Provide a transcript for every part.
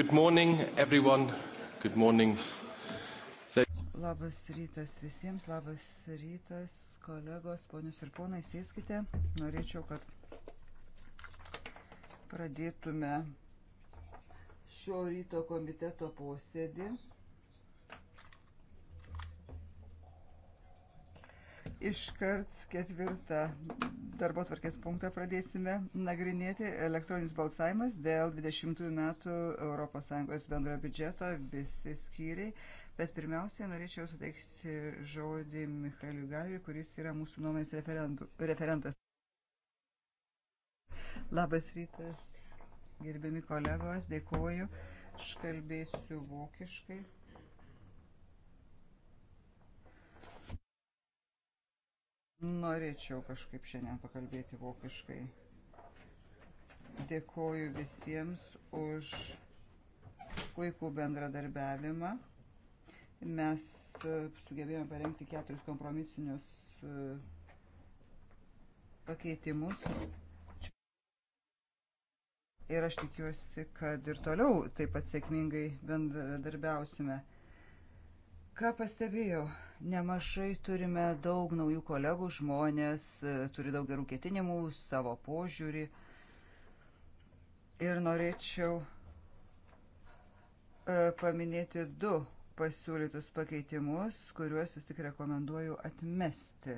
Good morning, everyone. Good morning. Labas rytas visiems, labas rytas, kolegos, ponius ir ponai, sėskite. Norėčiau, kad pradėtume šio ryto komiteto posėdį. Iškart ketvirtą darbo tvarkės punktą pradėsime nagrinėti elektroninis balsavimas dėl 20 metų ES bendrojo biudžeto visi skyriai. Bet pirmiausiai norėčiau suteikti žodį Michaeliu Galeriui, kuris yra mūsų nuomonės referentas. Labas rytas, gerbiami kolegos, dėkuoju. Aš kalbėsiu vokiškai. Norėčiau kažkaip šiandien pakalbėti vokiškai. Dėkoju visiems už puikų bendradarbiavimą. Mes e, sugebėjome parengti keturis kompromisinius e, pakeitimus. Ir aš tikiuosi, kad ir toliau taip pat sėkmingai bendradarbiausime. Ką pastebėjau, nemažai turime daug naujų kolegų, žmonės e, turi daug gerų ketinimų, savo požiūrį. Ir norėčiau e, paminėti du pasiūlytus pakeitimus, kuriuos vis tik rekomenduoju atmesti.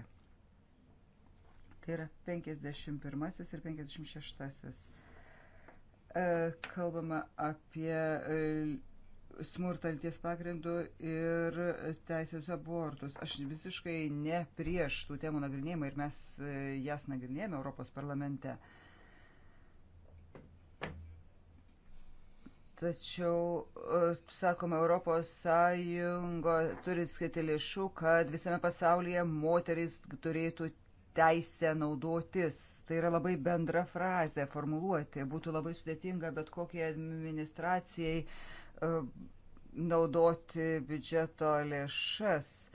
Tai yra 51 ir 56. E, kalbama apie smurtalties pagrindų ir teisės abortus. Aš visiškai ne prieš tų temų nagrinėjimą ir mes e, jas nagrinėjame Europos parlamente. Tačiau, e, sakoma, Europos Sąjunga turi skirti lėšų, kad visame pasaulyje moteris turėtų teisę naudotis. Tai yra labai bendra frazė formuluoti. Būtų labai sudėtinga bet kokiai administracijai uh, E, naudoti biudžeto lėšas e,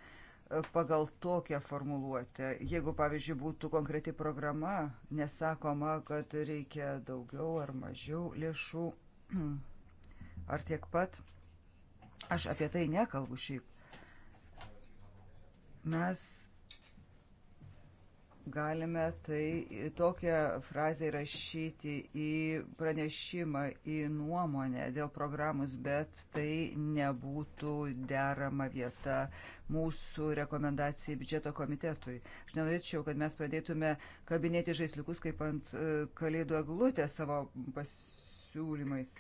pagal tokią formuluotę. Jeigu, pavyzdžiui, būtų konkreti programa, nesakoma, kad reikia daugiau ar mažiau lėšų, ar tiek pat, aš apie tai nekalbu šiaip. Mes galime tai tokią frazę įrašyti į pranešimą, į nuomonę dėl programos, bet tai nebūtų derama vieta mūsų rekomendacijai biudžeto komitetui. Aš nenorėčiau, kad mes pradėtume kabinėti žaisliukus kaip ant e, kalėdų eglutę savo pasiūlymais.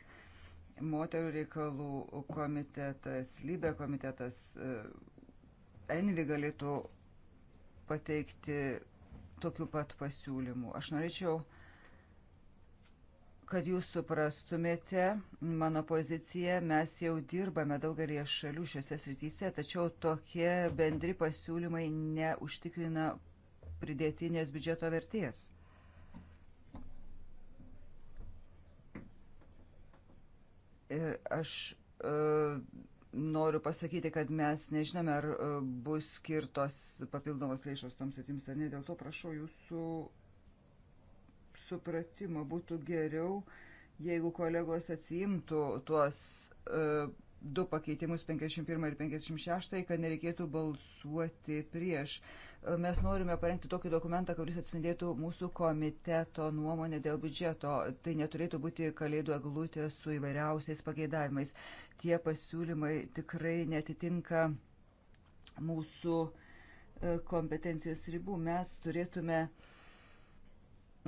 Moterų reikalų komitetas, lybė komitetas, e, Envi galėtų pateikti tokių pat pasiūlymų. Aš norėčiau, kad jūs suprastumėte mano poziciją. Mes jau dirbame daugelį šalių šiuose srityse, tačiau tokie bendri pasiūlymai neužtikrina pridėtinės biudžeto vertės. Ir aš e, noriu pasakyti, kad mes nežinome, ar e, bus skirtos papildomos lėšos toms atsims ar ne. Dėl to prašau jūsų supratimo. Būtų geriau, jeigu kolegos atsiimtų tuos. Uh, du pakeitimus 51 ir 56, kad nereikėtų balsuoti prieš. Mes norime parengti tokį dokumentą, kuris atspindėtų mūsų komiteto nuomonę dėl biudžeto. Tai neturėtų būti kalėdų eglutė su įvairiausiais pageidavimais. Tie pasiūlymai tikrai netitinka mūsų e, kompetencijos ribų. Mes turėtume uh,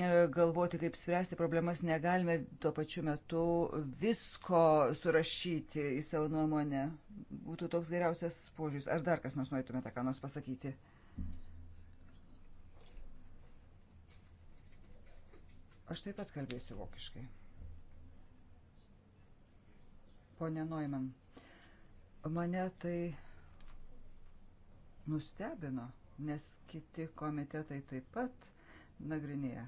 E, galvoti, kaip spręsti problemas, negalime tuo pačiu metu visko surašyti į savo nuomonę. Būtų toks geriausias požiūris. Ar dar kas nors norėtumėte ką nors pasakyti? Aš taip pat kalbėsiu vokiškai. Pone Neumann, mane tai nustebino, nes kiti komitetai taip pat nagrinėja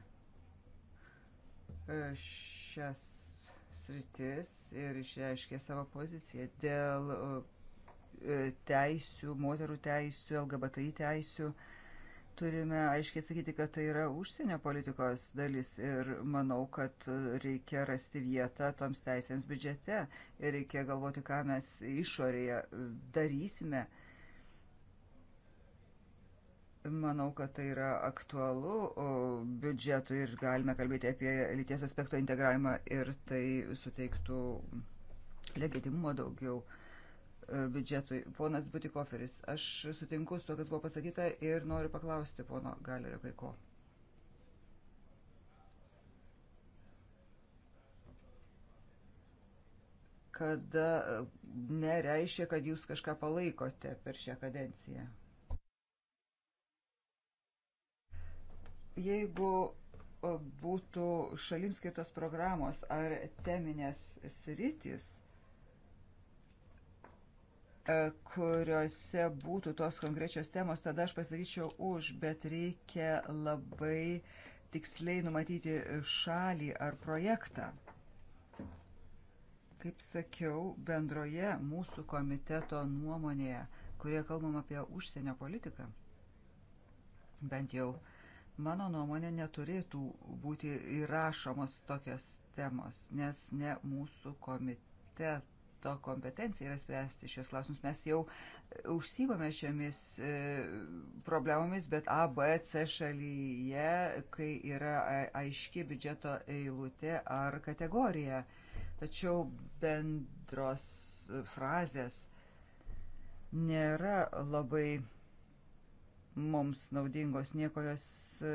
E, šias sritis ir išreiškė savo poziciją dėl e, teisių, moterų teisių, LGBTI teisių. Turime aiškiai sakyti, kad tai yra užsienio politikos dalis ir manau, kad reikia rasti vietą toms teisėms biudžete ir reikia galvoti, ką mes išorėje darysime. Manau, kad tai yra aktualu biudžetui ir galime kalbėti apie lyties aspekto integravimą ir tai suteiktų legitimumo daugiau e, biudžetui. Ponas Butikoferis, aš sutinku su to, kas buvo pasakyta ir noriu paklausti pono Galerio kai ko. Kada e, nereiškia, kad jūs kažką palaikote per šią kadenciją? Jeigu e, būtų šalims skirtos programos ar teminės sritys, e, kuriuose būtų tos konkrečios temos, tada aš pasakyčiau už, bet reikia labai tiksliai numatyti šalį ar projektą. Kaip sakiau, bendroje mūsų komiteto nuomonėje, kurie kalbam apie užsienio politiką, bent jau uh, mano nuomonė, neturėtų būti įrašomos tokios temos, nes ne mūsų komiteto kompetencija yra spręsti šios klausimus. Mes jau užsivame šiomis e, problemomis, bet A, B, C šalyje, kai yra aiški biudžeto eilutė ar kategorija. Tačiau bendros frazės nėra labai mums naudingos, nieko jos e,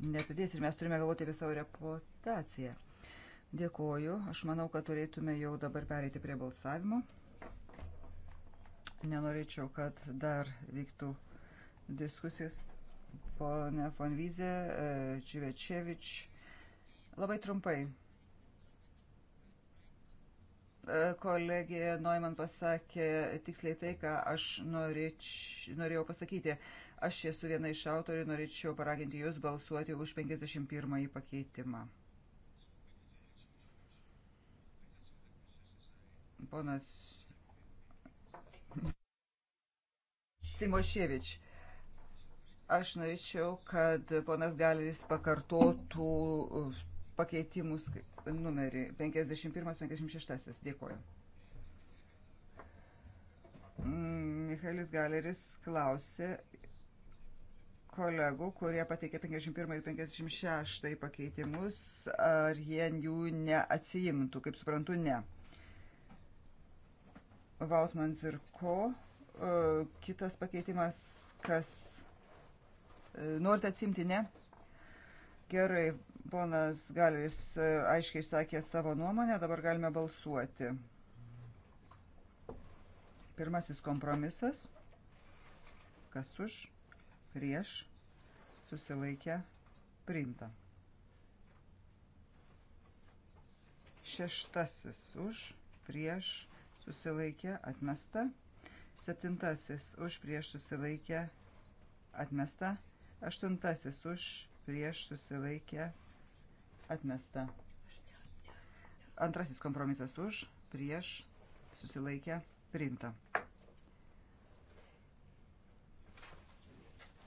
nepridės ir mes turime galvoti apie savo reputaciją. Dėkoju. Aš manau, kad turėtume jau dabar pereiti prie balsavimo. Nenorėčiau, kad dar vyktų diskusijos. Pone Fonvizė, e, Čivečevič. Labai trumpai. E, kolegė Neumann pasakė tiksliai tai, ką aš norėč, norėjau pasakyti. Aš esu viena iš autorių, norėčiau paraginti jūs balsuoti už 51 pakeitimą. Ponas Simoševič, aš norėčiau, kad ponas Galeris pakartotų uh, pakeitimus numerį 51-56. Dėkuoju. Mm, Michaelis Galeris klausė, kolegų, kurie pateikė 51 ir 56 pakeitimus, ar jie jų neatsijimtų, kaip suprantu, ne. Vautman Zirko, e, kitas pakeitimas, kas e, norite atsimti, ne? Gerai, ponas Galis e, aiškiai išsakė savo nuomonę, dabar galime balsuoti. Pirmasis kompromisas. Kas už? prieš, susilaikę, priimta. Šeštasis už, prieš, susilaikę, atmesta. Septintasis už, prieš, susilaikę, atmesta. Aštuntasis už, prieš, susilaikę, atmesta. Antrasis kompromisas už, prieš, susilaikę, priimta.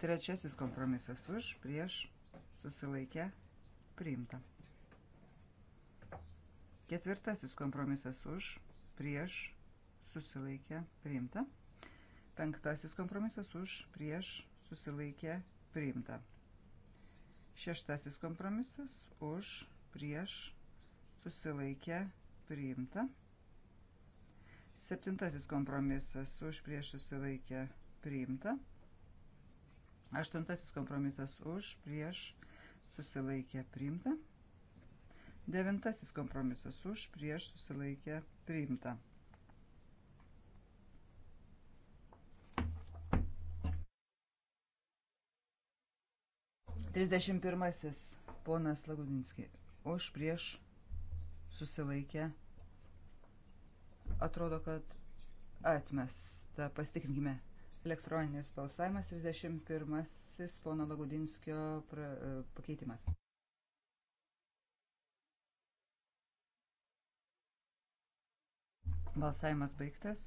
Trečiasis kompromisas už, prieš, susilaikę, priimta. Ketvirtasis kompromisas už, prieš, susilaikę, priimta. Penktasis kompromisas už, prieš, susilaikę, priimta. Šeštasis kompromisas už, prieš, susilaikę, priimta. Septintasis kompromisas už, prieš, susilaikę, priimta. Aštuntasis kompromisas už, prieš, susilaikė priimta. Devintasis kompromisas už, prieš, susilaikė priimta. Trisdešimt pirmasis ponas Lagudinski už, prieš, susilaikė. Atrodo, kad atmesta. Pasitikrinkime. Elektroninis balsavimas 31. pono Lagudinskio e, pakeitimas. Balsavimas baigtas.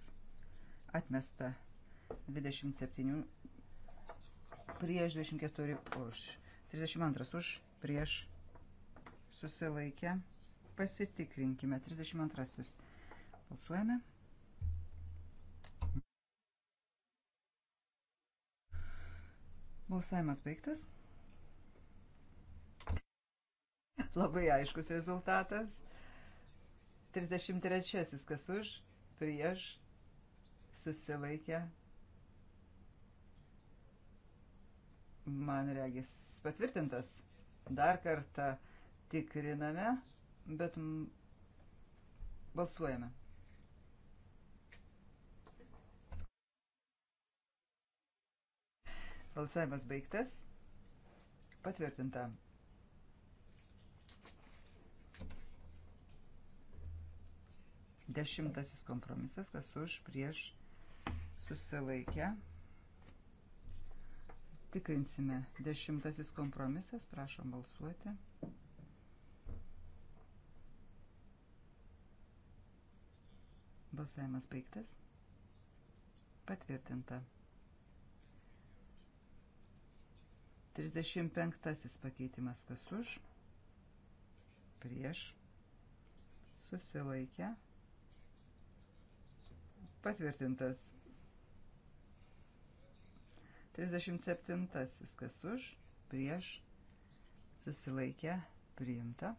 Atmesta 27 prieš 24 už. 32 už prieš susilaikę. Pasitikrinkime 32. Balsuojame. Balsavimas baigtas. Labai aiškus rezultatas. 33 kas už, prieš, susilaikę. Man regis patvirtintas. Dar kartą tikriname, bet balsuojame. Balsavimas baigtas. Patvirtinta. Dešimtasis kompromisas, kas už prieš susilaikę. Tikrinsime. Dešimtasis kompromisas, prašom balsuoti. Balsavimas baigtas. Patvirtinta. 35 pakeitimas kas už, prieš, susilaikę, patvirtintas. 37 kas už, prieš, susilaikę, priimta.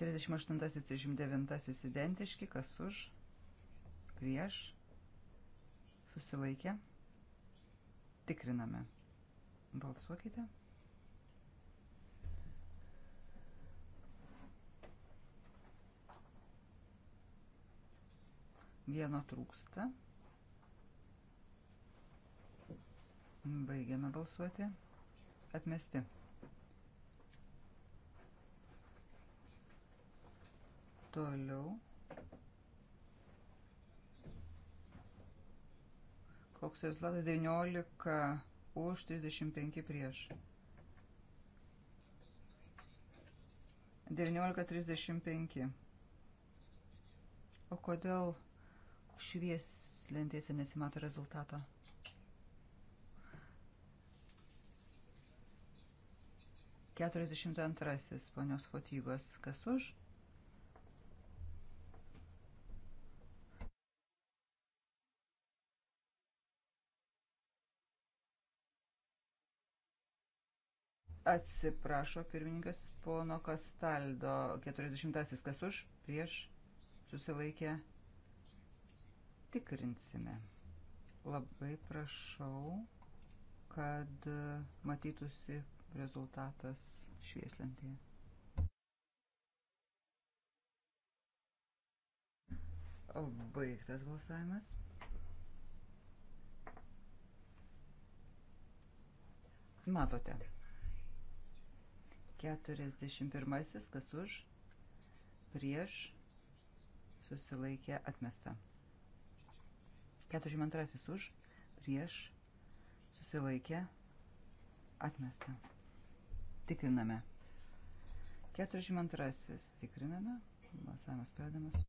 38-39 identiški, kas už, prieš, susilaikę, priimta Tikriname. Balsuokite. Vieno trūksta. Baigiame balsuoti. Atmesti. Toliau. Koks rezultatas 19 už 35 prieš. 19.35. O kodėl švieslentėse nesimato rezultato? Keturiasdešimt antrasis ponios fotygos. Kas už? Atsiprašo pirmininkas pono Kastaldo, 40-asis kas už, prieš, susilaikė. Tikrinsime. Labai prašau, kad matytųsi rezultatas švieslentėje. Baigtas balsavimas. Matote. 41. Kas už? Prieš. Susilaikė atmesta. 42. Už. Prieš. Susilaikė atmesta. Tikriname. 42. Tikriname. Balsavimas pradamas.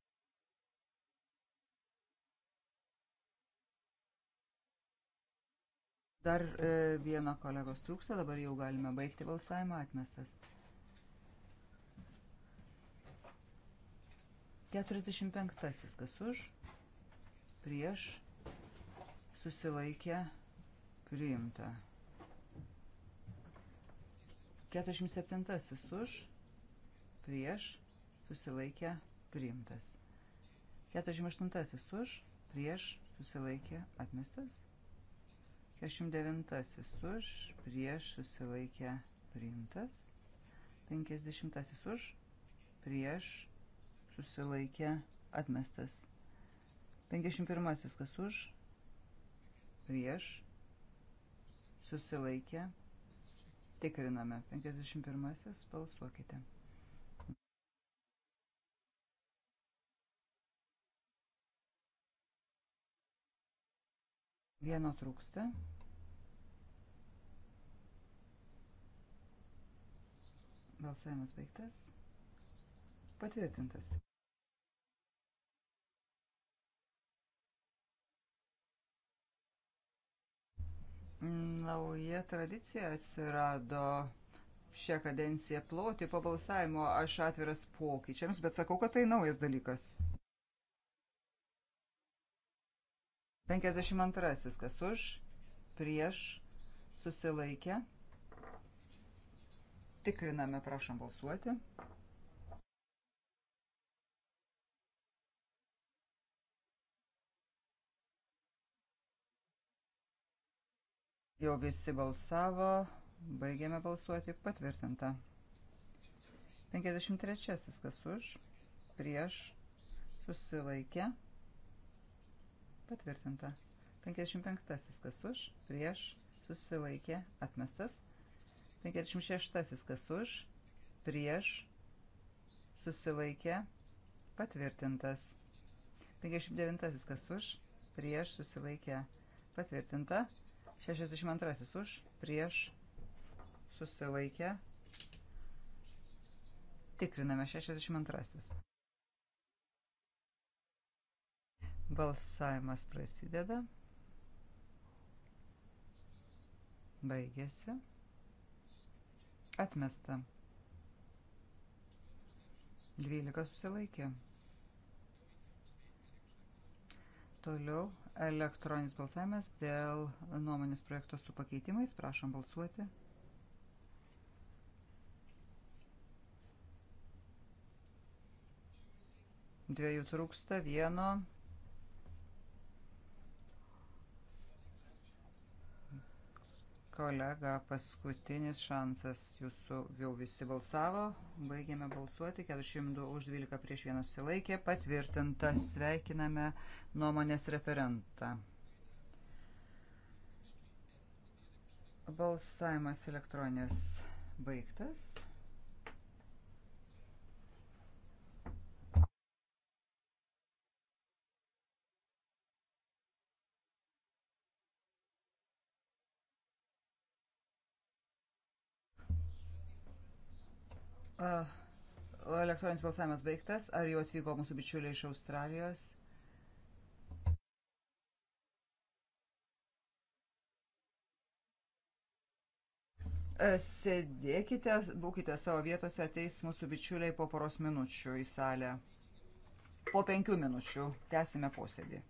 Dar e, vieno kolegos trūksta, dabar jau galime baigti balsavimą, atmestas. 45. Kas už? Prieš. Susilaikė. Priimta. 47. Už. Prieš. Susilaikė. Priimtas. 48. Už. Prieš. Susilaikė. Atmestas. 49 už, prieš susilaikę priimtas. 50 už, prieš susilaikę atmestas. 51 kas už, prieš susilaikę. Tikriname. 51 balsuokite. Vieno trūksta. Balsavimas baigtas. Patvirtintas. Nauja tradicija atsirado šią kadenciją ploti po balsavimo. Aš atviras pokyčiams, bet sakau, kad tai naujas dalykas. 52. Kas už, prieš, susilaikė. Tikriname, prašom balsuoti. Jau visi balsavo, baigėme balsuoti, patvirtinta. 53. Kas už, prieš, susilaikė, patvirtinta. 55 kas už, prieš, susilaikė, atmestas. 56 kas už, prieš, susilaikė, patvirtintas. 59 kas už, prieš, susilaikė, patvirtinta. 62 už, prieš, susilaikė. Tikriname 62. Balsavimas prasideda. Baigėsi. Atmesta. 12 susilaikė. Toliau elektroninis balsavimas dėl nuomonės projekto su pakeitimais. Prašom balsuoti. Dviejų trūksta vieno. kolega, paskutinis šansas. Jūsų jau visi balsavo. Baigėme balsuoti. 402 už 12 prieš vieną susilaikė. Patvirtinta. Sveikiname nuomonės referentą. Balsavimas elektroninės baigtas. Elektroninis balsavimas baigtas. Ar jau atvyko mūsų bičiuliai iš Australijos? Sėdėkite, būkite savo vietose, ateis mūsų bičiuliai po poros minučių į salę. Po penkių minučių tęsime posėdį.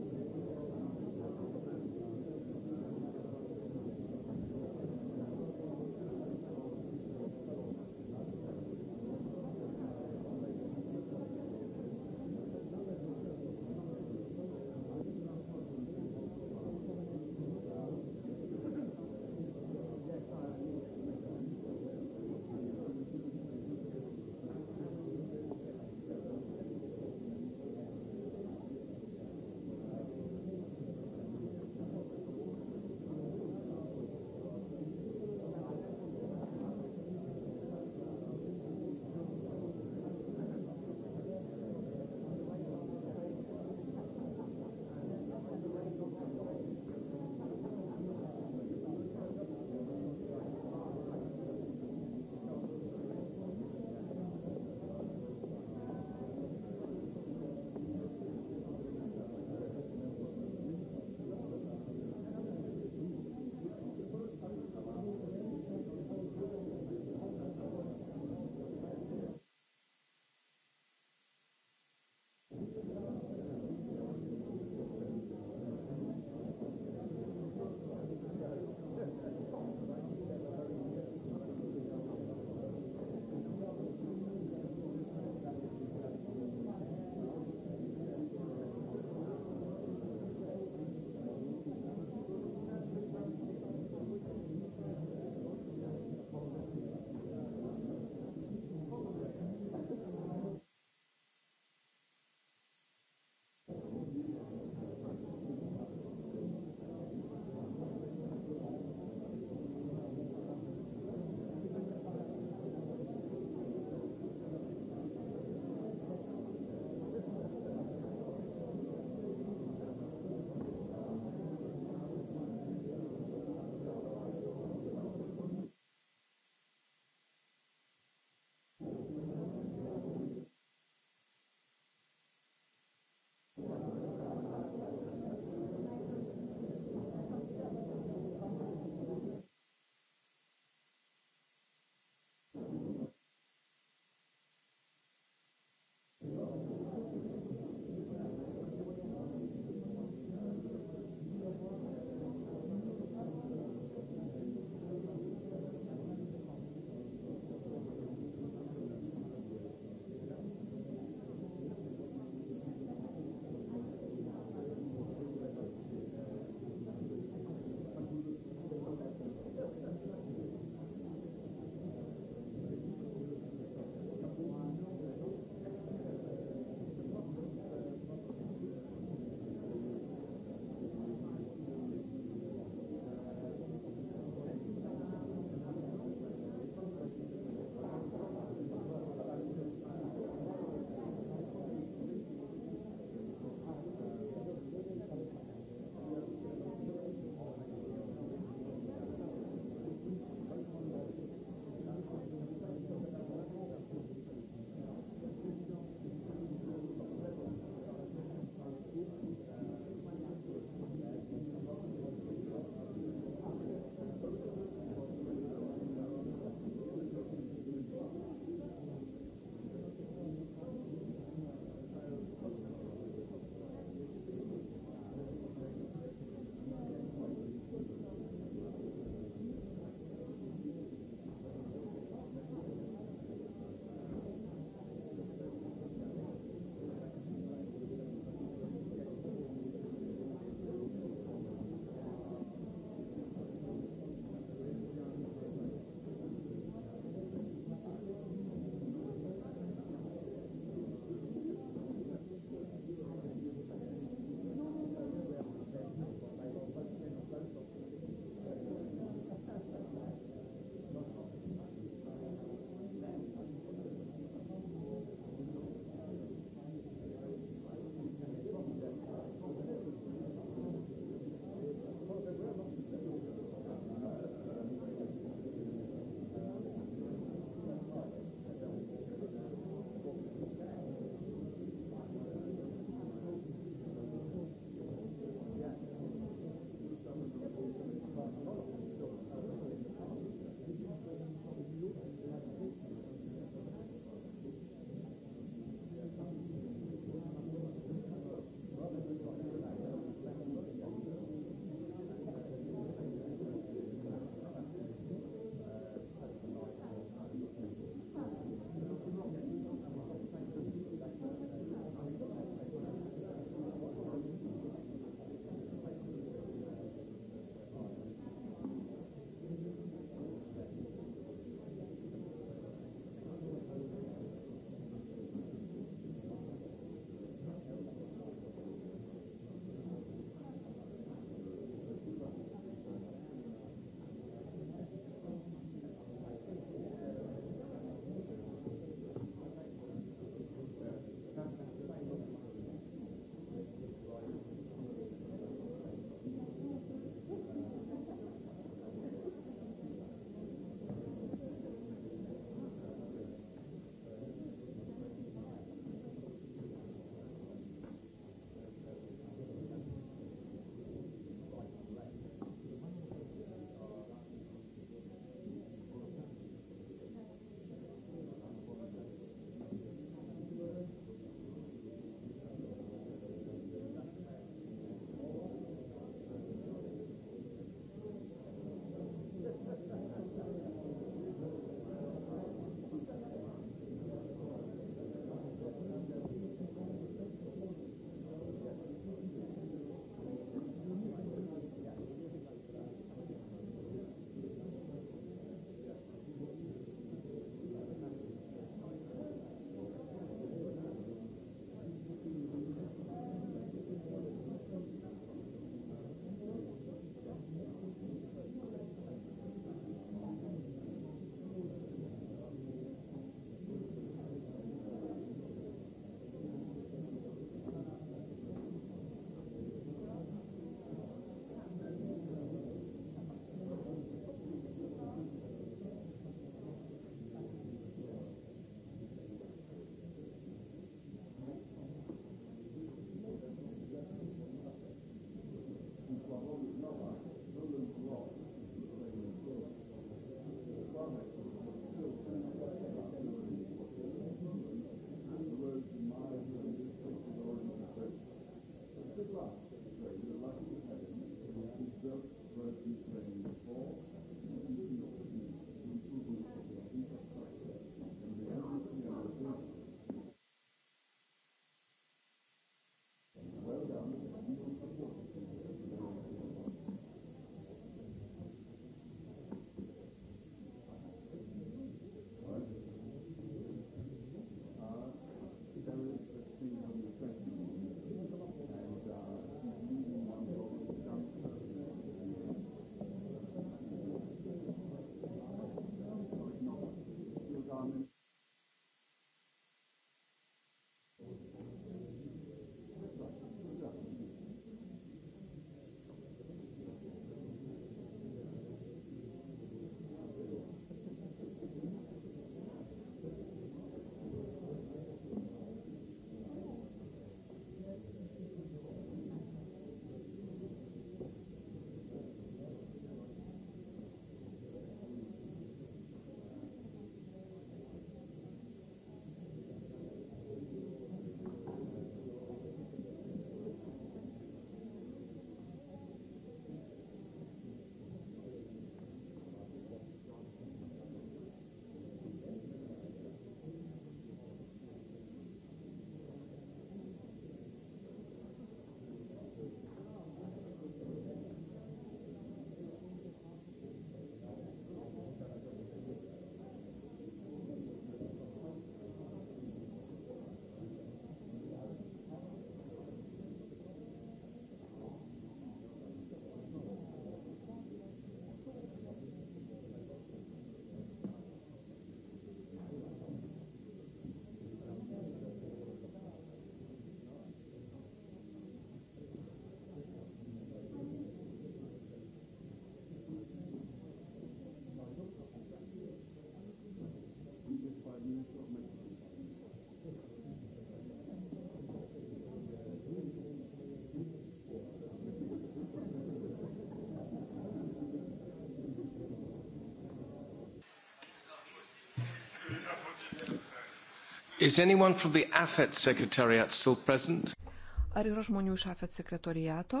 Ar yra žmonių iš AFET sekretoriato?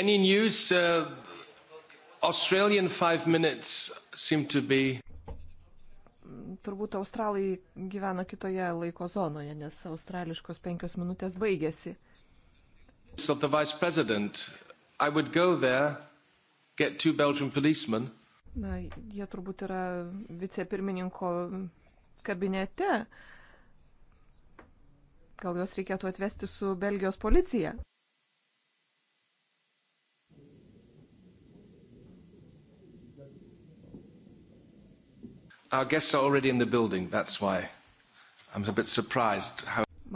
Any news? Uh, Australian five minutes seem to be. Turbūt australai gyvena kitoje laiko zonoje, nes australiškos penkios minutės baigėsi. Of the vice president, I would go there, get two Belgian policemen. Na, jie turbūt yra vicepirmininko kabinete. Gal juos reikėtų atvesti su Belgijos policija? How...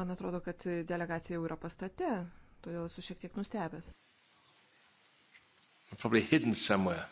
Man atrodo, kad delegacija jau yra pastate, todėl esu šiek tiek nustebęs. Probably hidden somewhere.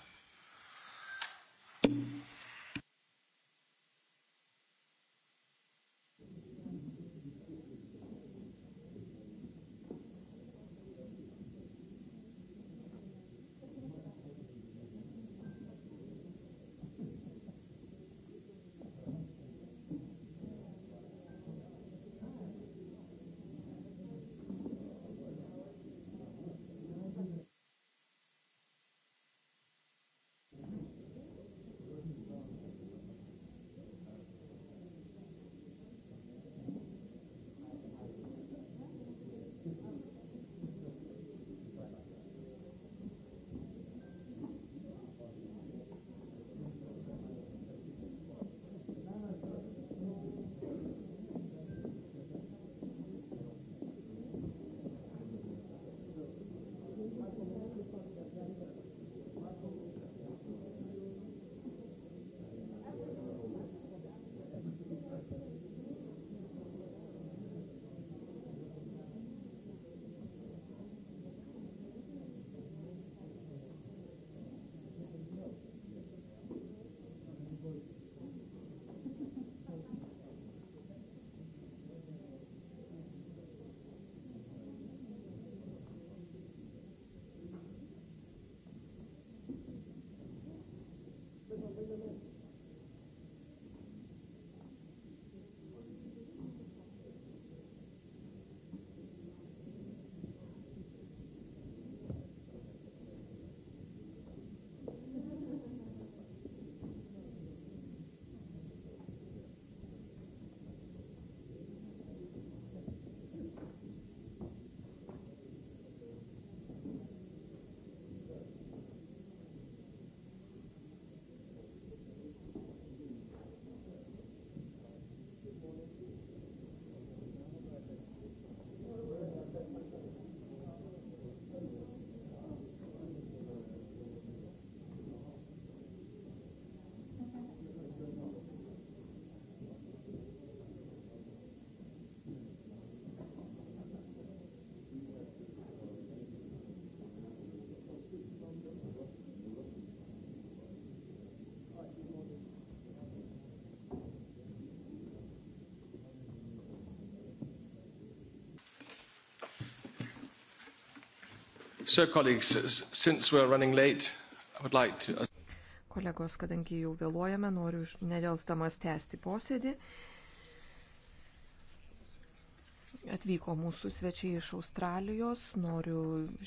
So, late, like to... Uh, Kolegos, kadangi jau vėluojame, noriu nedėlstamas tęsti posėdį. Atvyko mūsų svečiai iš Australijos, noriu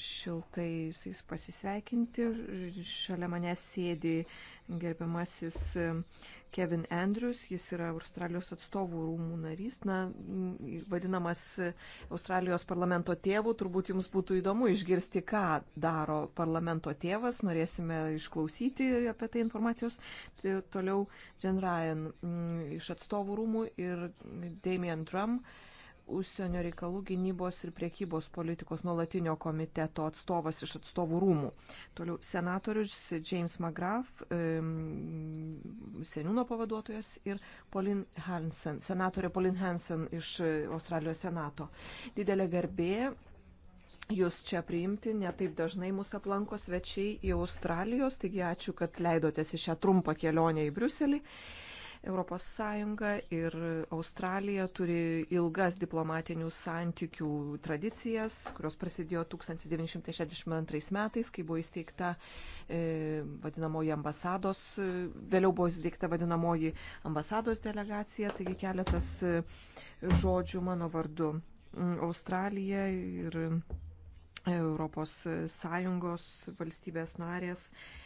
šiltai su jais pasisveikinti. Šalia manęs sėdi gerbiamasis Kevin Andrews, jis yra Australijos atstovų rūmų narys, na, vadinamas Australijos parlamento tėvu, turbūt jums būtų įdomu išgirsti, ką daro parlamento tėvas, norėsime išklausyti apie tai informacijos. Tai toliau Jen Ryan mm, iš atstovų rūmų ir Damian Trump užsienio reikalų gynybos ir priekybos politikos nuolatinio komiteto atstovas iš atstovų rūmų. Toliau senatorius James McGrath, seniūno pavaduotojas ir Pauline Hansen, senatorė Pauline Hansen iš Australijos senato. Didelė garbė. Jūs čia priimti, netaip dažnai mūsų aplanko svečiai į Australijos, taigi ačiū, kad leidotės į šią trumpą kelionę į Briuselį. Uh, ES ir Australija turi ilgas diplomatinių santykių tradicijas, kurios prasidėjo 1962 metais, kai buvo įsteigta e, vadinamoji ambasados, e, vėliau buvo įsteigta vadinamoji ambasados delegacija, taigi keletas e, žodžių mano vardu. Mm, Australija ir e, Europos Sąjungos valstybės narės. E,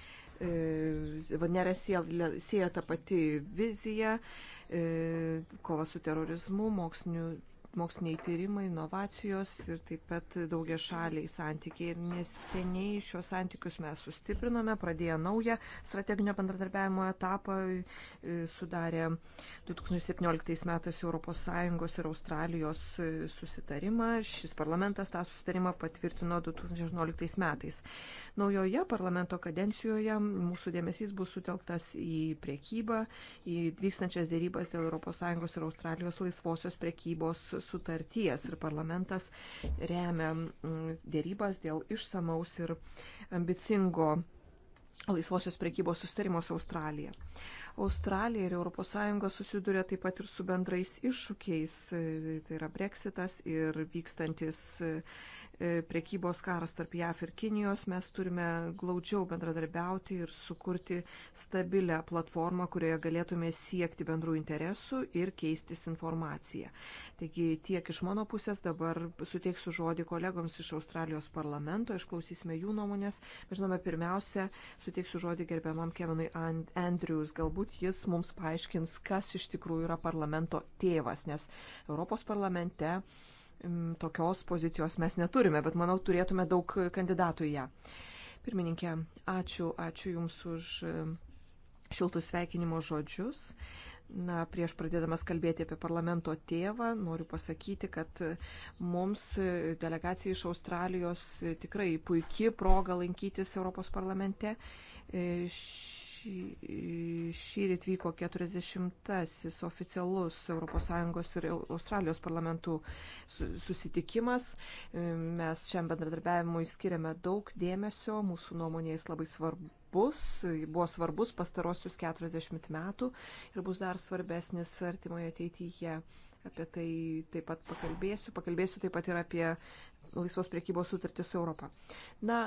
E, Vanerą sieja ta pati vizija, e, kova su terorizmu, mokslinių moksliniai tyrimai, inovacijos ir taip pat daugia šaliai santykiai. Ir neseniai šios santykius mes sustiprinome, pradėjo naują strateginio bendradarbiavimo etapą, e, sudarė 2017 metais ES ir Australijos e, susitarimą. Šis parlamentas tą susitarimą patvirtino 2018 metais. Naujoje parlamento kadencijoje mūsų dėmesys bus sutelktas į priekybą, į vykstančias dėrybas dėl ES ir Australijos laisvosios priekybos sutarties ir parlamentas remia mm, dėrybas dėl išsamaus ir ambicingo laisvosios priekybos sustarimo su Australija. Australija ir ES susiduria taip pat ir su bendrais iššūkiais, e, tai yra breksitas ir vykstantis e, prekybos karas tarp JAF ir Kinijos, mes turime glaudžiau bendradarbiauti ir sukurti stabilę platformą, kurioje galėtume siekti bendrų interesų ir keistis informaciją. Taigi tiek iš mano pusės dabar suteiksiu žodį kolegoms iš Australijos parlamento, išklausysime jų nuomonės. Mes žinome, pirmiausia, suteiksiu žodį gerbiamam Kevinui Andrews, galbūt jis mums paaiškins, kas iš tikrųjų yra parlamento tėvas, nes Europos parlamente tokios pozicijos mes neturime, bet manau turėtume daug kandidatų į ją. Pirmininkė, ačiū, ačiū Jums už e, šiltus sveikinimo žodžius. Na, prieš pradėdamas kalbėti apie parlamento tėvą, noriu pasakyti, kad e, mums e, delegacija iš Australijos tikrai puikia proga lankytis Europos parlamente. Ši Šį, šį ryt vyko 40-asis oficialus ES ir Australijos parlamentų susitikimas. Mes šiam bendradarbiavimui skiriame daug dėmesio, mūsų nuomonė jis labai svarbus, buvo svarbus pastarosius 40 metų ir bus dar svarbesnis artimoje ateityje. Apie tai taip pat pakalbėsiu. Pakalbėsiu taip pat ir apie laisvos priekybos sutartį su Europą. Na,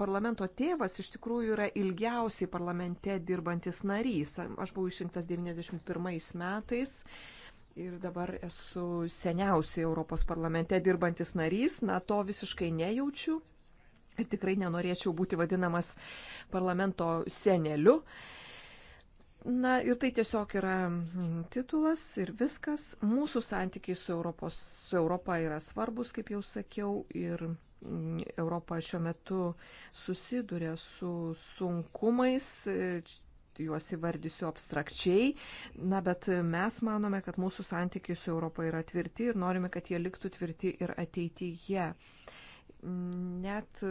parlamento tėvas iš tikrųjų yra ilgiausiai parlamente dirbantis narys. Aš buvau išrinktas 91 metais ir dabar esu seniausiai Europos parlamente dirbantis narys. Na, to visiškai nejaučiu ir tikrai nenorėčiau būti vadinamas parlamento seneliu. Uh, Na ir tai tiesiog yra hmm, titulas ir viskas. Mūsų santykiai su, Europos, su Europa yra svarbus, kaip jau sakiau, ir hmm, Europa šiuo metu susiduria su sunkumais, e, juos įvardysiu abstrakčiai. Na, bet mes manome, kad mūsų santykiai su Europa yra tvirti ir norime, kad jie liktų tvirti ir ateityje. Net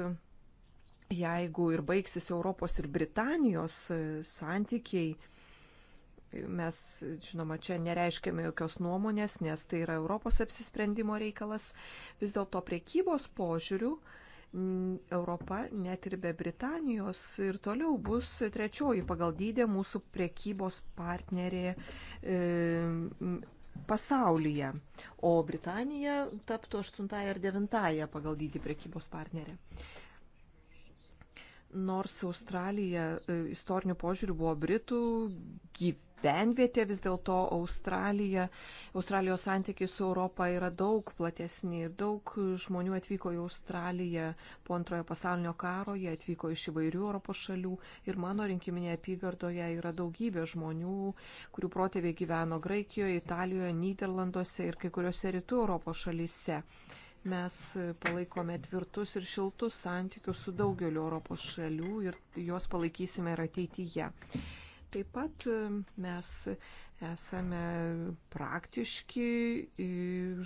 jeigu ir baigsis Europos ir Britanijos e, santykiai, Mes, žinoma, čia nereiškėme jokios nuomonės, nes tai yra Europos apsisprendimo reikalas. Vis dėlto priekybos požiūrių Europa, net ir be Britanijos, ir toliau bus trečioji pagal dydį mūsų priekybos partnerė e, pasaulyje, o Britanija taptų aštuntąją ar devintąją pagal dydį priekybos partnerė nors Australija e, istoriniu požiūriu buvo Britų, gyv, benvietė, vis dėlto Australija, Australijos santykiai su Europa yra daug platesni ir daug žmonių atvyko į Australiją po antrojo pasaulinio karo, jie atvyko iš įvairių Europos šalių ir mano rinkiminėje apygardoje yra daugybė žmonių, kurių protėviai gyveno Graikijoje, Italijoje, Niderlanduose ir kai kuriuose rytų Europos šalyse mes palaikome tvirtus ir šiltus santykius su daugeliu Europos šalių ir juos palaikysime ir ateityje. Taip pat e, mes esame praktiški e,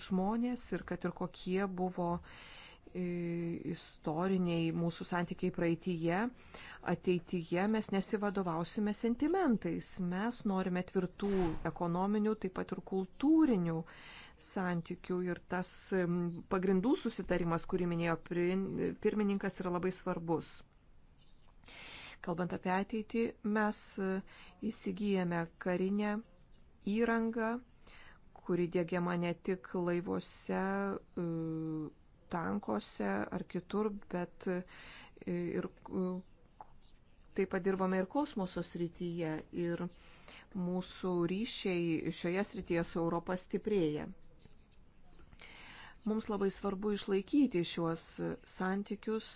žmonės ir kad ir kokie buvo e, istoriniai mūsų santykiai praeitįje, ateityje mes nesivadovausime sentimentais. Mes norime tvirtų ekonominių, taip pat ir kultūrinių santykių ir tas pagrindų susitarimas, kurį minėjo pirmininkas, yra labai svarbus. Kalbant apie ateitį, mes e, įsigijame karinę įrangą, kuri dėgiama ne tik laivuose, e, tankuose ar kitur, bet e, ir taip pat dirbame ir kosmoso srityje. Ir mūsų ryšiai šioje srityje su Europa stiprėja. Mums labai svarbu išlaikyti šiuos santykius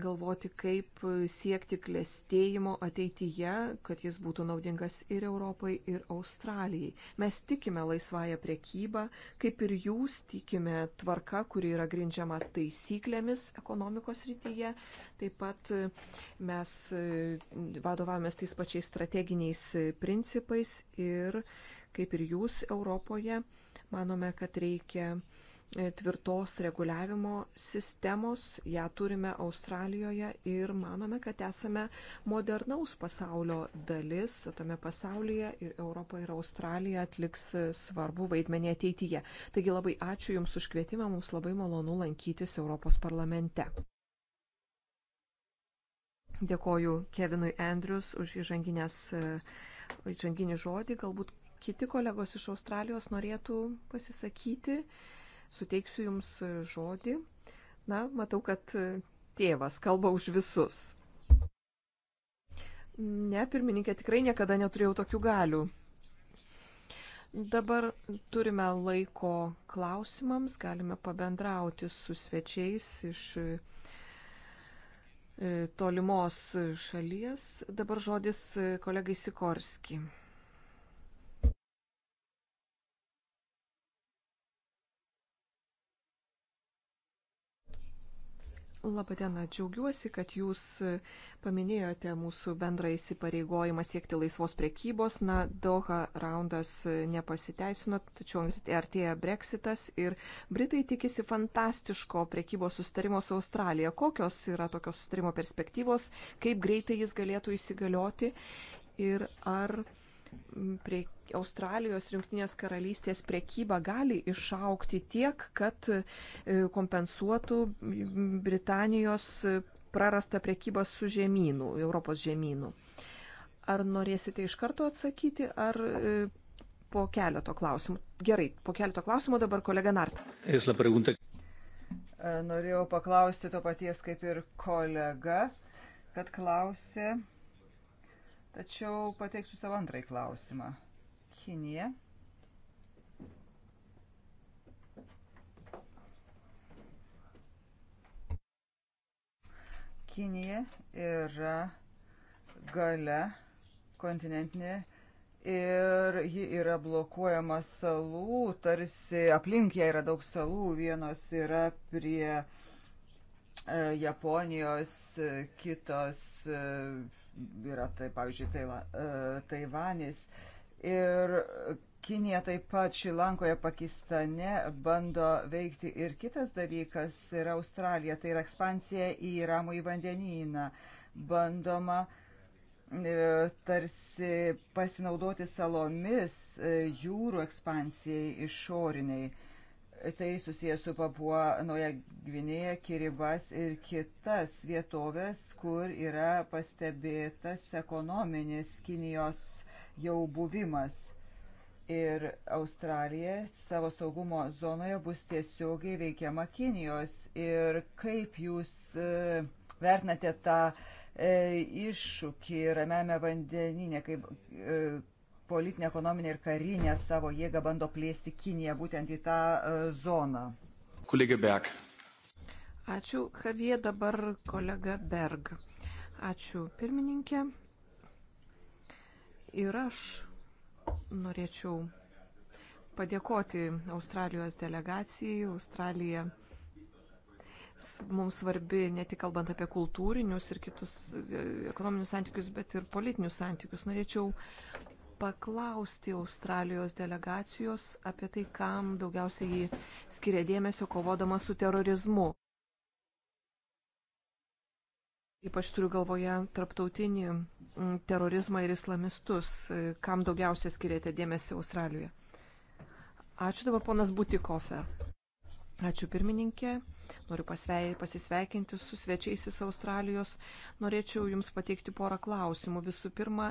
galvoti, kaip siekti klėstėjimo ateityje, kad jis būtų naudingas ir Europai, ir Australijai. Mes tikime laisvąją priekybą, kaip ir jūs tikime tvarka, kuri yra grindžiama taisyklėmis ekonomikos rytyje. Taip pat e, mes e, vadovavomės tais pačiais strateginiais e, principais ir, kaip ir jūs Europoje, manome, kad reikia E, tvirtos reguliavimo sistemos, ją turime Australijoje ir manome, kad esame modernaus pasaulio dalis, tame pasaulyje ir Europa ir Australija atliks svarbu vaidmenį ateityje. Taigi labai ačiū Jums už kvietimą, mums labai malonu lankytis Europos parlamente. Dėkoju Kevinui Andrius už e, įžanginį žodį, galbūt kiti kolegos iš Australijos norėtų pasisakyti suteiksiu Jums e, žodį. Na, matau, kad e, tėvas kalba už visus. Ne, pirmininkė, tikrai niekada neturėjau tokių galių. Dabar turime laiko klausimams, galime pabendrauti su svečiais iš e, tolimos šalies. Dabar žodis kolegai Sikorski. Labadiena, džiaugiuosi, kad jūs e, paminėjote mūsų bendrą įsipareigojimą siekti laisvos priekybos. Na, Doha raundas e, nepasiteisino, tačiau artėja breksitas ir Britai tikisi fantastiško priekybos sustarimo su Australija. Kokios yra tokios sustarimo perspektyvos, kaip greitai jis galėtų įsigalioti ir ar prie Australijos ir Junktinės karalystės priekyba gali išaukti tiek, kad e, kompensuotų Britanijos e, prarastą priekybą su žemynu, Europos žemynu. Ar norėsite iš karto atsakyti, ar e, po keleto klausimų? Gerai, po keleto klausimų dabar kolega Nart. Norėjau paklausti to paties kaip ir kolega, kad klausė Tačiau pateiksiu savo antrąjį klausimą. Kinija. Kinija yra gale kontinentinė ir ji yra blokuojama salų, tarsi aplink ją yra daug salų, vienos yra prie e, Japonijos, e, kitos e, yra tai, pavyzdžiui, taila, e, Taivanis. Ir Kinija taip pat Šilankoje, Pakistane bando veikti. Ir kitas dalykas yra Australija, tai yra ekspansija į Ramų į vandenyną. Bandoma e, tarsi pasinaudoti salomis e, jūrų ekspansijai išoriniai. Iš Tai susijęs su Papua Nauja Gvinėja, Kiribas ir kitas vietovės, kur yra pastebėtas ekonominis Kinijos jau buvimas ir Australija savo saugumo zonoje bus tiesiogiai veikiama Kinijos. Ir kaip jūs e, vertinate tą e, iššūkį ramiame vandeninė, kaip, e, politinę, ekonominę ir karinę savo jėgą bando plėsti Kiniją būtent į tą e, zoną. Kolegė Berg. Ačiū, Havie, dabar kolega Berg. Ačiū, pirmininkė. Ir aš norėčiau padėkoti Australijos delegacijai. Australija mums svarbi ne tik kalbant apie kultūrinius ir kitus e, ekonominius santykius, bet ir politinius santykius. Norėčiau paklausti Australijos delegacijos apie tai, kam daugiausiai jį skiria dėmesio kovodama su terorizmu. Ypač turiu galvoje tarptautinį mm, terorizmą ir islamistus, kam daugiausiai skiriate dėmesį Australijoje. Ačiū dabar ponas Butikofer. Ačiū pirmininkė. Noriu pasvei, pasisveikinti su svečiais iš Australijos. Norėčiau Jums pateikti porą klausimų. Visų pirma,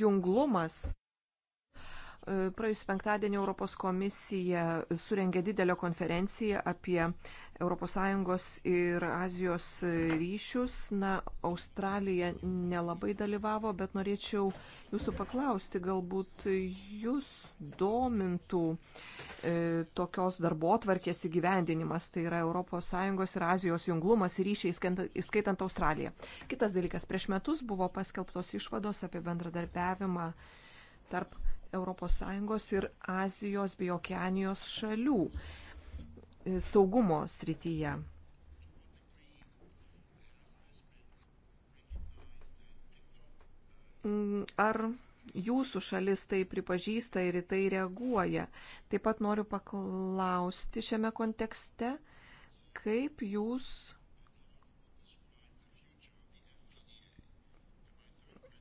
junglumas. E, Praėjusį penktadienį Europos komisija surengė didelę konferenciją apie ES ir Azijos ryšius. Na, Australija nelabai dalyvavo, bet norėčiau jūsų paklausti, galbūt jūs domintų e, tokios darbo tvarkės įgyvendinimas, tai yra ES ir Azijos junglumas ir ryšiai, įskaitant Australiją. Kitas dalykas, prieš metus buvo paskelbtos išvados apie bendradarbiavimą tarp ES ir Azijos bei Okeanijos šalių saugumo srityje. Ar jūsų šalis tai pripažįsta ir į tai reaguoja? Taip pat noriu paklausti šiame kontekste, kaip jūs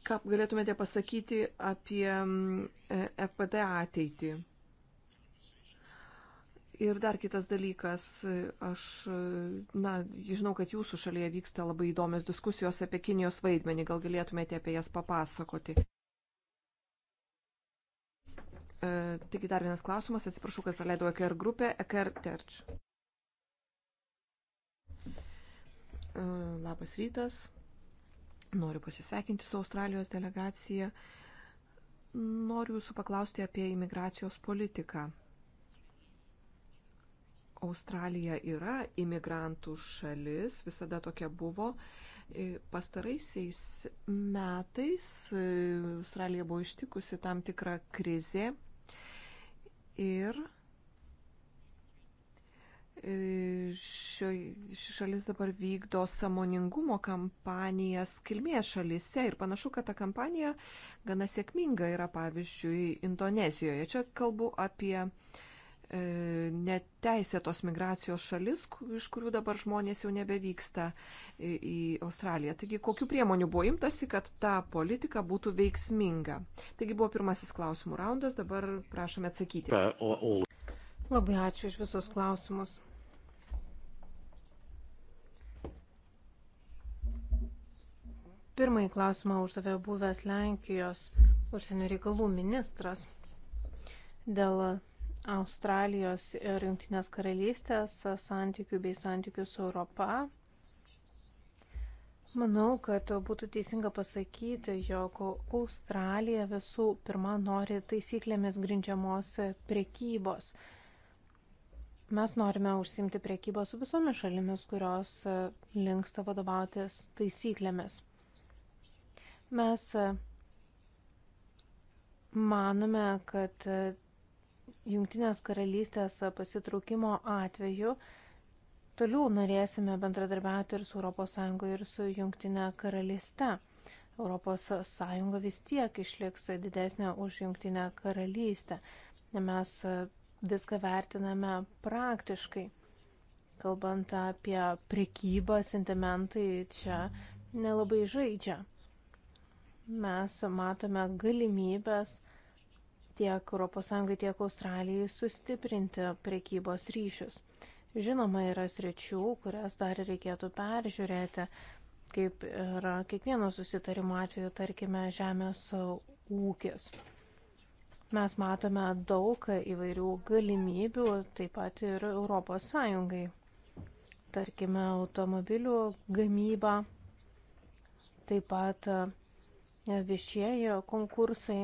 ką galėtumėte pasakyti apie mm, e, FPT ateitį? Ir dar kitas dalykas, aš, na, žinau, kad jūsų šalyje vyksta labai įdomios diskusijos apie Kinijos vaidmenį, gal galėtumėte apie jas papasakoti. E, taigi dar vienas klausimas, atsiprašau, kad praleidau EKR grupę, EKR Terč. E, labas rytas, noriu pasisveikinti su Australijos delegacija. Noriu jūsų paklausti apie imigracijos politiką. Australija yra imigrantų šalis, visada tokia buvo. E, pastaraisiais metais e, Australija buvo ištikusi tam tikrą krizę ir e, šio, ši šalis dabar vykdo samoningumo kampanijas kilmės šalyse ir panašu, kad ta kampanija gana sėkminga yra, pavyzdžiui, Indonezijoje. Čia kalbu apie uh, E, neteisėtos migracijos šalis, iš kurių dabar žmonės jau nebevyksta į Australiją. Taigi, kokiu priemonių buvo imtasi, kad ta politika būtų veiksminga? Taigi buvo pirmasis klausimų raundas, dabar prašome atsakyti. Labai ačiū iš visus klausimus. Pirmąjį klausimą uždavė buvęs Lenkijos užsienio reikalų ministras dėl Australijos ir Junktinės karalystės santykių bei santykių su Europa. Manau, kad būtų teisinga pasakyti, jog Australija visų pirma nori taisyklėmis grindžiamos prekybos. Mes norime užsimti prekybą su visomis šalimis, kurios linksta vadovautis taisyklėmis. Mes manome, kad Jungtinės karalystės pasitraukimo atveju toliau norėsime bendradarbiauti ir su ES, ir su Jungtinė karalystė. ES vis tiek išliks didesnė už Jungtinę karalystę. Mes viską vertiname praktiškai. Kalbant apie prekybą, sentimentai čia nelabai žaidžia. Mes matome galimybės tiek ES, tiek Australijai sustiprinti prekybos ryšius. Žinoma, yra sričių, kurias dar reikėtų peržiūrėti, kaip ir kiekvieno susitarimo atveju, tarkime, žemės ūkis. Mes matome daug įvairių galimybių, taip pat ir ES, tarkime, automobilių gamyba, taip pat viešieji konkursai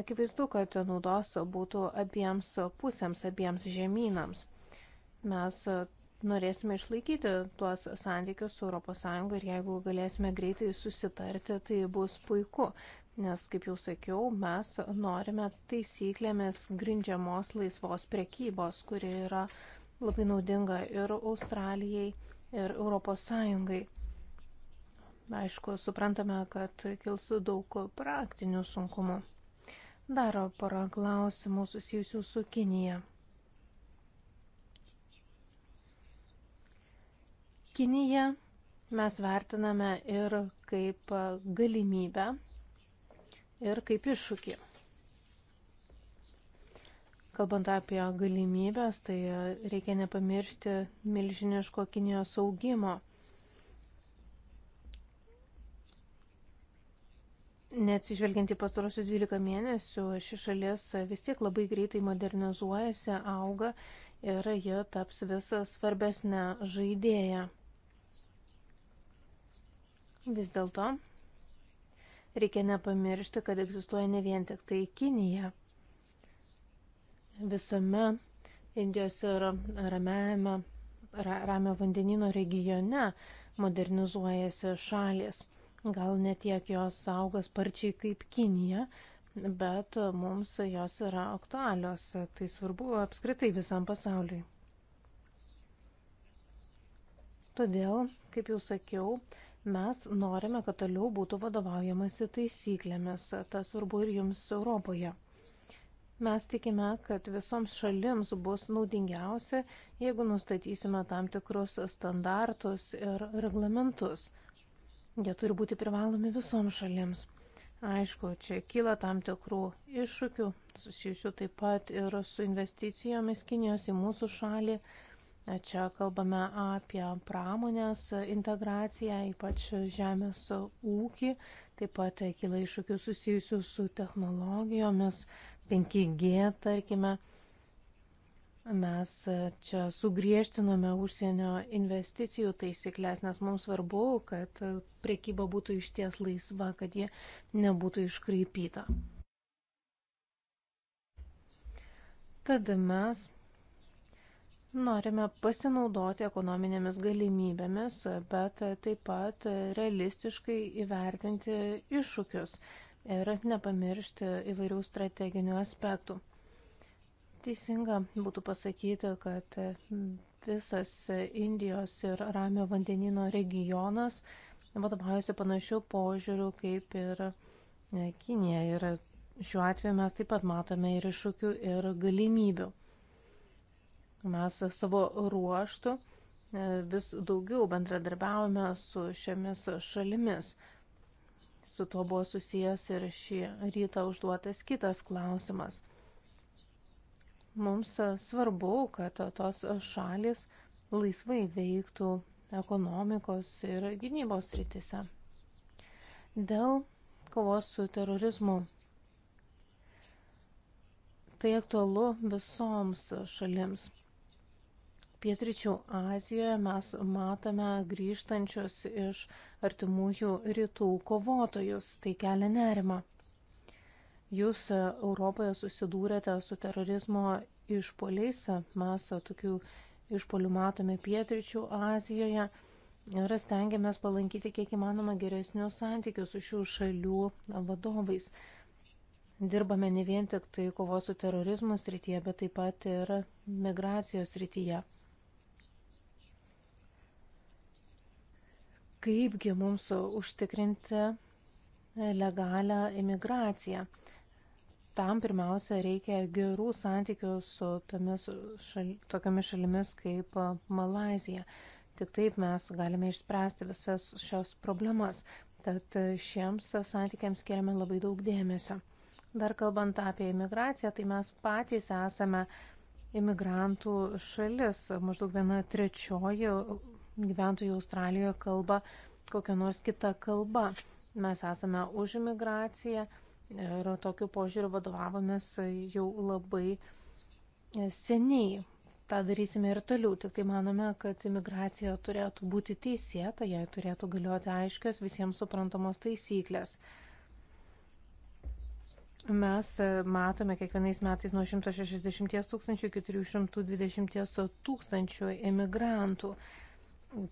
Akivaizdu, kad naudos būtų abiems pusėms, abiems žemynams. Mes norėsime išlaikyti tuos santykius su ES ir jeigu galėsime greitai susitarti, tai bus puiku, nes, kaip jau sakiau, mes norime taisyklėmis grindžiamos laisvos prekybos, kuri yra labai naudinga ir Australijai, ir ES. Aišku, suprantame, kad kils daug praktinių sunkumų. Dar pora klausimų susijusių su Kinija. Kiniją mes vertiname ir kaip galimybę, ir kaip iššūkį. Kalbant apie galimybės, tai reikia nepamiršti milžiniško Kinijos augimo. Neatsižvelgiant į pastarosius 12 mėnesių, ši šalis vis tiek labai greitai modernizuojasi, auga ir ji taps vis svarbesnė žaidėja. Vis dėlto reikia nepamiršti, kad egzistuoja ne vien tik tai Kinija. Visame Indijos ir ramiajame, ramio vandenino regione modernizuojasi šalis Gal netiek jos auga sparčiai kaip Kinija, bet mums jos yra aktualios. Tai svarbu apskritai visam pasauliui. Todėl, kaip jau sakiau, mes norime, kad toliau būtų vadovaujamasi taisyklėmis. Tas svarbu ir jums Europoje. Mes tikime, kad visoms šalims bus naudingiausia, jeigu nustatysime tam tikrus standartus ir reglamentus. Jie turi būti privalomi visoms šalims. Aišku, čia kyla tam tikrų iššūkių, susijusių taip pat ir su investicijomis Kinijos į mūsų šalį. Čia kalbame apie pramonės integraciją, ypač žemės ūkį, taip pat kyla iššūkių susijusių su technologijomis, 5G, tarkime. Mes e, čia sugriežtinome užsienio investicijų taisyklės, nes mums svarbu, kad e, priekyba būtų išties laisva, kad ji nebūtų iškreipyta. Tada mes norime pasinaudoti ekonominėmis galimybėmis, bet taip pat realistiškai įvertinti iššūkius ir nepamiršti įvairių strateginių aspektų teisinga būtų pasakyti, kad e, visas Indijos ir Ramio vandenino regionas vadovaujasi panašių požiūrių kaip ir e, Kinija. Ir šiuo atveju mes taip pat matome ir iššūkių, ir galimybių. Mes savo ruoštų e, vis daugiau bendradarbiavome su šiomis šalimis. Su tuo buvo susijęs ir šį rytą užduotas kitas klausimas – Mums e, svarbu, kad e, tos šalis laisvai veiktų ekonomikos ir gynybos rytise. Dėl kovos su terorizmu. Tai aktualu visoms šalims. Pietričių Azijoje mes matome grįžtančius iš artimųjų rytų kovotojus. Tai kelia nerima. Jūs e, Europoje susidūrėte su terorizmo išpoliais, e, mes e, tokių išpolių matome pietričių Azijoje ir stengiamės palankyti kiek įmanoma geresnius santykius su šių šalių vadovais. Dirbame ne vien tik tai kovos su terorizmu srityje, bet taip pat ir migracijos srityje. Kaipgi mums užtikrinti legalią imigraciją? tam pirmiausia reikia gerų santykių su tomis šal, tokiamis šalimis kaip Malazija. Tik taip mes galime išspręsti visas šios problemas. Tad šiems santykiams skiriame labai daug dėmesio. Dar kalbant apie imigraciją, tai mes patys esame imigrantų šalis. Maždaug viena trečioji gyventojų Australijoje kalba kokią nors kitą kalbą. Mes esame už imigraciją Ir tokiu požiūriu vadovavomės jau labai seniai. Ta darysime ir toliau, tik tai manome, kad imigracija turėtų būti teisėta, jai turėtų galioti aiškios visiems suprantamos taisyklės. Mes matome kiekvienais metais nuo 160 tūkstančių iki 320 tūkstančių imigrantų.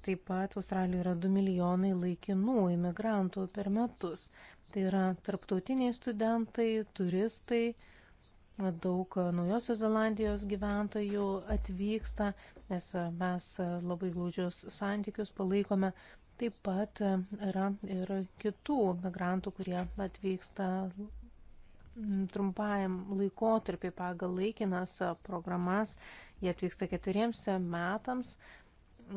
Taip pat Australijoje yra 2 milijonai laikinų imigrantų per metus. Tai yra tarptautiniai studentai, turistai, daug Naujosios Zelandijos gyventojų atvyksta, nes mes labai glaudžius santykius palaikome. Taip pat yra ir kitų migrantų, kurie atvyksta trumpajam laikotarpiai pagal laikinas programas. Jie atvyksta keturiems metams,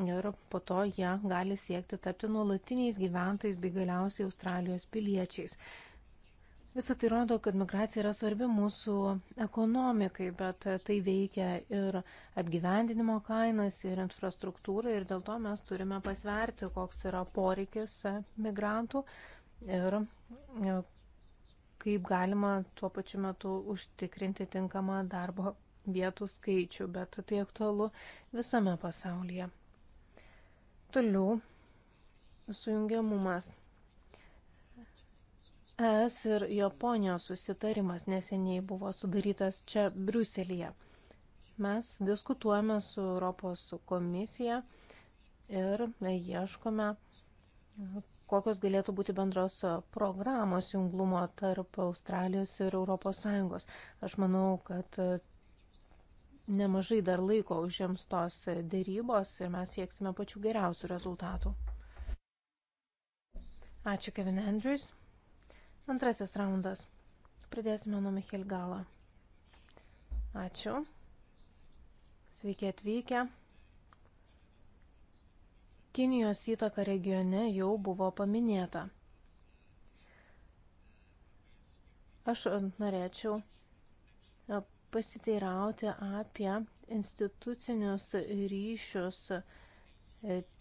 ir po to jie gali siekti tapti nuolatiniais gyventojais bei galiausiai Australijos piliečiais. Visą tai rodo, kad migracija yra svarbi mūsų ekonomikai, bet tai veikia ir apgyvendinimo kainas, ir infrastruktūrą, ir dėl to mes turime pasverti, koks yra poreikis migrantų ir e, kaip galima tuo pačiu metu užtikrinti tinkamą darbo vietų skaičių, bet tai aktualu visame pasaulyje. Toliau sujungiamumas. ES ir Japonijos susitarimas neseniai buvo sudarytas čia Briuselėje. Mes diskutuojame su Europos komisija ir ieškome, kokios galėtų būti bendros programos junglumo tarp Australijos ir ES. Aš manau, kad nemažai dar laiko užims tos dėrybos ir mes sieksime pačių geriausių rezultatų. Ačiū Kevin Andrews. Antrasis raundas. Pradėsime nuo Michel Galą. Ačiū. Sveiki atvykę. Kinijos įtaka regione jau buvo paminėta. Aš norėčiau pasiteirauti apie institucinius ryšius e,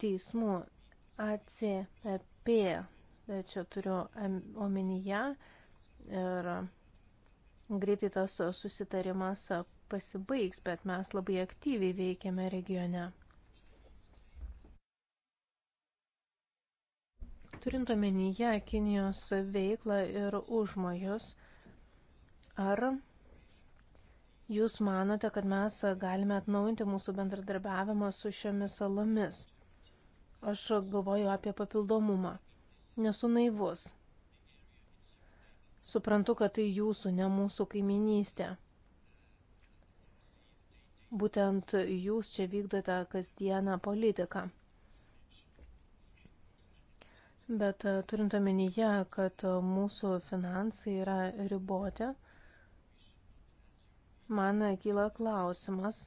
teismų ACP. E, čia turiu omenyje ir greitai tas susitarimas pasibaigs, bet mes labai aktyviai veikiame regione. Turint omenyje Kinijos veiklą ir užmojus, ar Jūs manote, kad mes galime atnaujinti mūsų bendradarbiavimą su šiomis salomis. Aš galvoju apie papildomumą. Nesu naivus. Suprantu, kad tai jūsų, ne mūsų kaiminystė. Būtent jūs čia vykdote kasdieną politiką. Bet turint omenyje, kad mūsų finansai yra riboti, man kyla klausimas,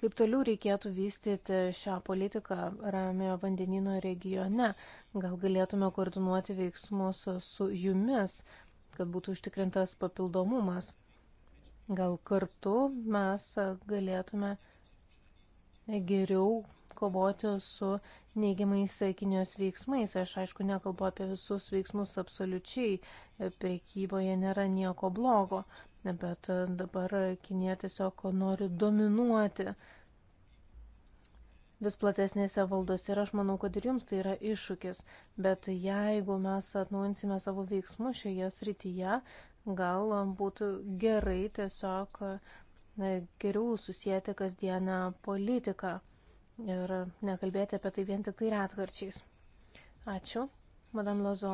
kaip toliau reikėtų vystyti šią politiką Ramiojo vandenino regione. Gal galėtume koordinuoti veiksmus su jumis, kad būtų užtikrintas papildomumas. Gal kartu mes galėtume geriau kovoti su neigiamais Kinijos veiksmais. Aš aišku nekalbu apie visus veiksmus absoliučiai, priekyboje nėra nieko blogo, bet dabar Kinija tiesiog nori dominuoti vis platesnėse valdose ir aš manau, kad ir jums tai yra iššūkis. Bet jeigu mes atnaujinsime savo veiksmus šioje srityje, gal būtų gerai tiesiog na, geriau susijęti kasdienę politiką ir nekalbėti apie tai vien tik tai retkarčiais. Ačiū, Madame Lozo.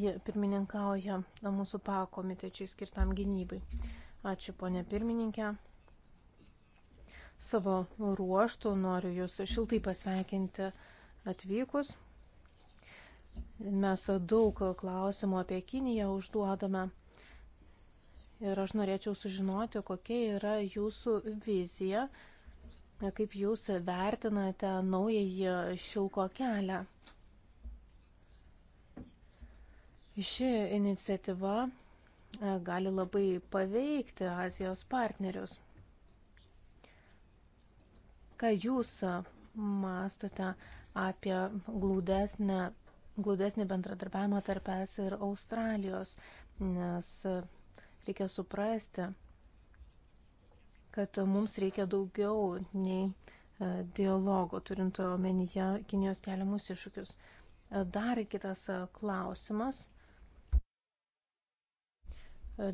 Ji pirmininkauja mūsų pakomitečiai skirtam gynybai. Ačiū, ponė pirmininkė. Savo ruoštų noriu Jūs šiltai pasveikinti atvykus. Mes daug klausimų apie Kiniją užduodame. Ir aš norėčiau sužinoti, kokia yra Jūsų vizija kaip jūs vertinate naująjį šilko kelią. Ši iniciatyva e, gali labai paveikti Azijos partnerius. Ką jūs mastote apie glūdesnę, glūdesnį bendradarbiavimą tarp es ir Australijos, nes e, reikia suprasti, kad mums reikia daugiau nei e, dialogo, turint omenyje Kinijos keliamus iššūkius. E, dar kitas e, klausimas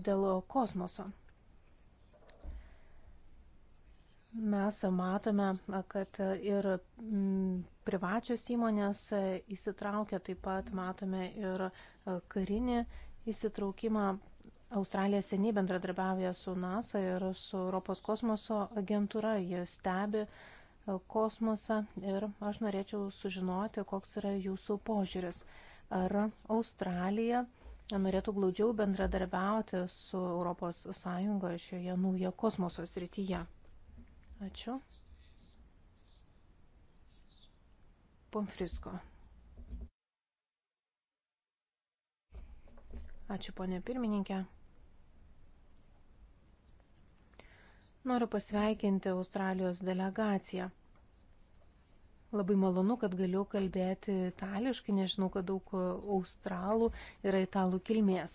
dėl kosmoso. Mes matome, kad ir privačios įmonės įsitraukia, taip pat matome ir karinį įsitraukimą Australija seniai bendradarbiauja su NASA ir su Europos kosmoso agentūra. Jie stebi e, kosmosą ir aš norėčiau sužinoti, koks yra jūsų požiūris. Ar Australija norėtų glaudžiau bendradarbiauti su ES šioje nauja kosmoso srityje? Ačiū. Pomfrisko. Ačiū, ponė pirmininkė. Noriu pasveikinti Australijos delegaciją. Labai malonu, kad galiu kalbėti itališkai, nežinau, kad daug australų yra italų kilmės.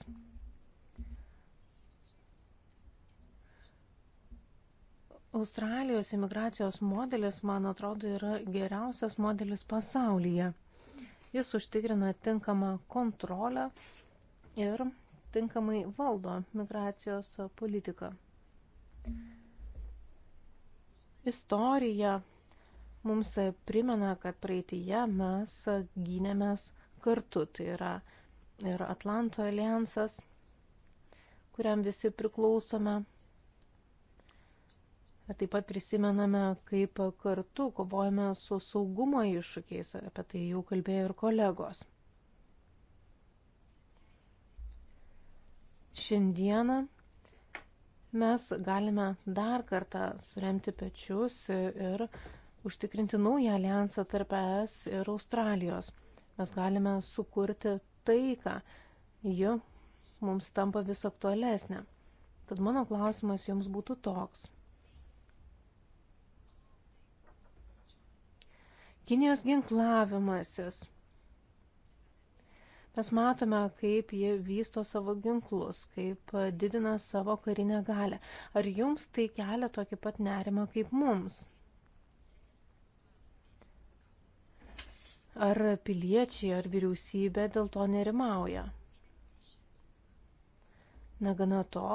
Australijos imigracijos modelis, man atrodo, yra geriausias modelis pasaulyje. Jis užtikrina tinkamą kontrolę ir tinkamai valdo migracijos politiką. Mm. Istorija mums primena, kad praeitįje mes gynėmės kartu. Tai yra ir Atlanto alijansas, kuriam visi priklausome. Taip pat prisimename, kaip kartu kovojame su saugumo iššūkiais, apie tai jau kalbėjo ir kolegos. Šiandieną mes galime dar kartą suremti pečius ir užtikrinti naują alijansą tarp ES ir Australijos. Mes galime sukurti taiką, ji mums tampa vis aktualesnė. Tad mano klausimas jums būtų toks. Kinijos ginklavimasis Mes matome, kaip jie vysto savo ginklus, kaip didina savo karinę galę. Ar jums tai kelia tokį pat nerimą kaip mums? Ar piliečiai, ar vyriausybė dėl to nerimauja? Negana to,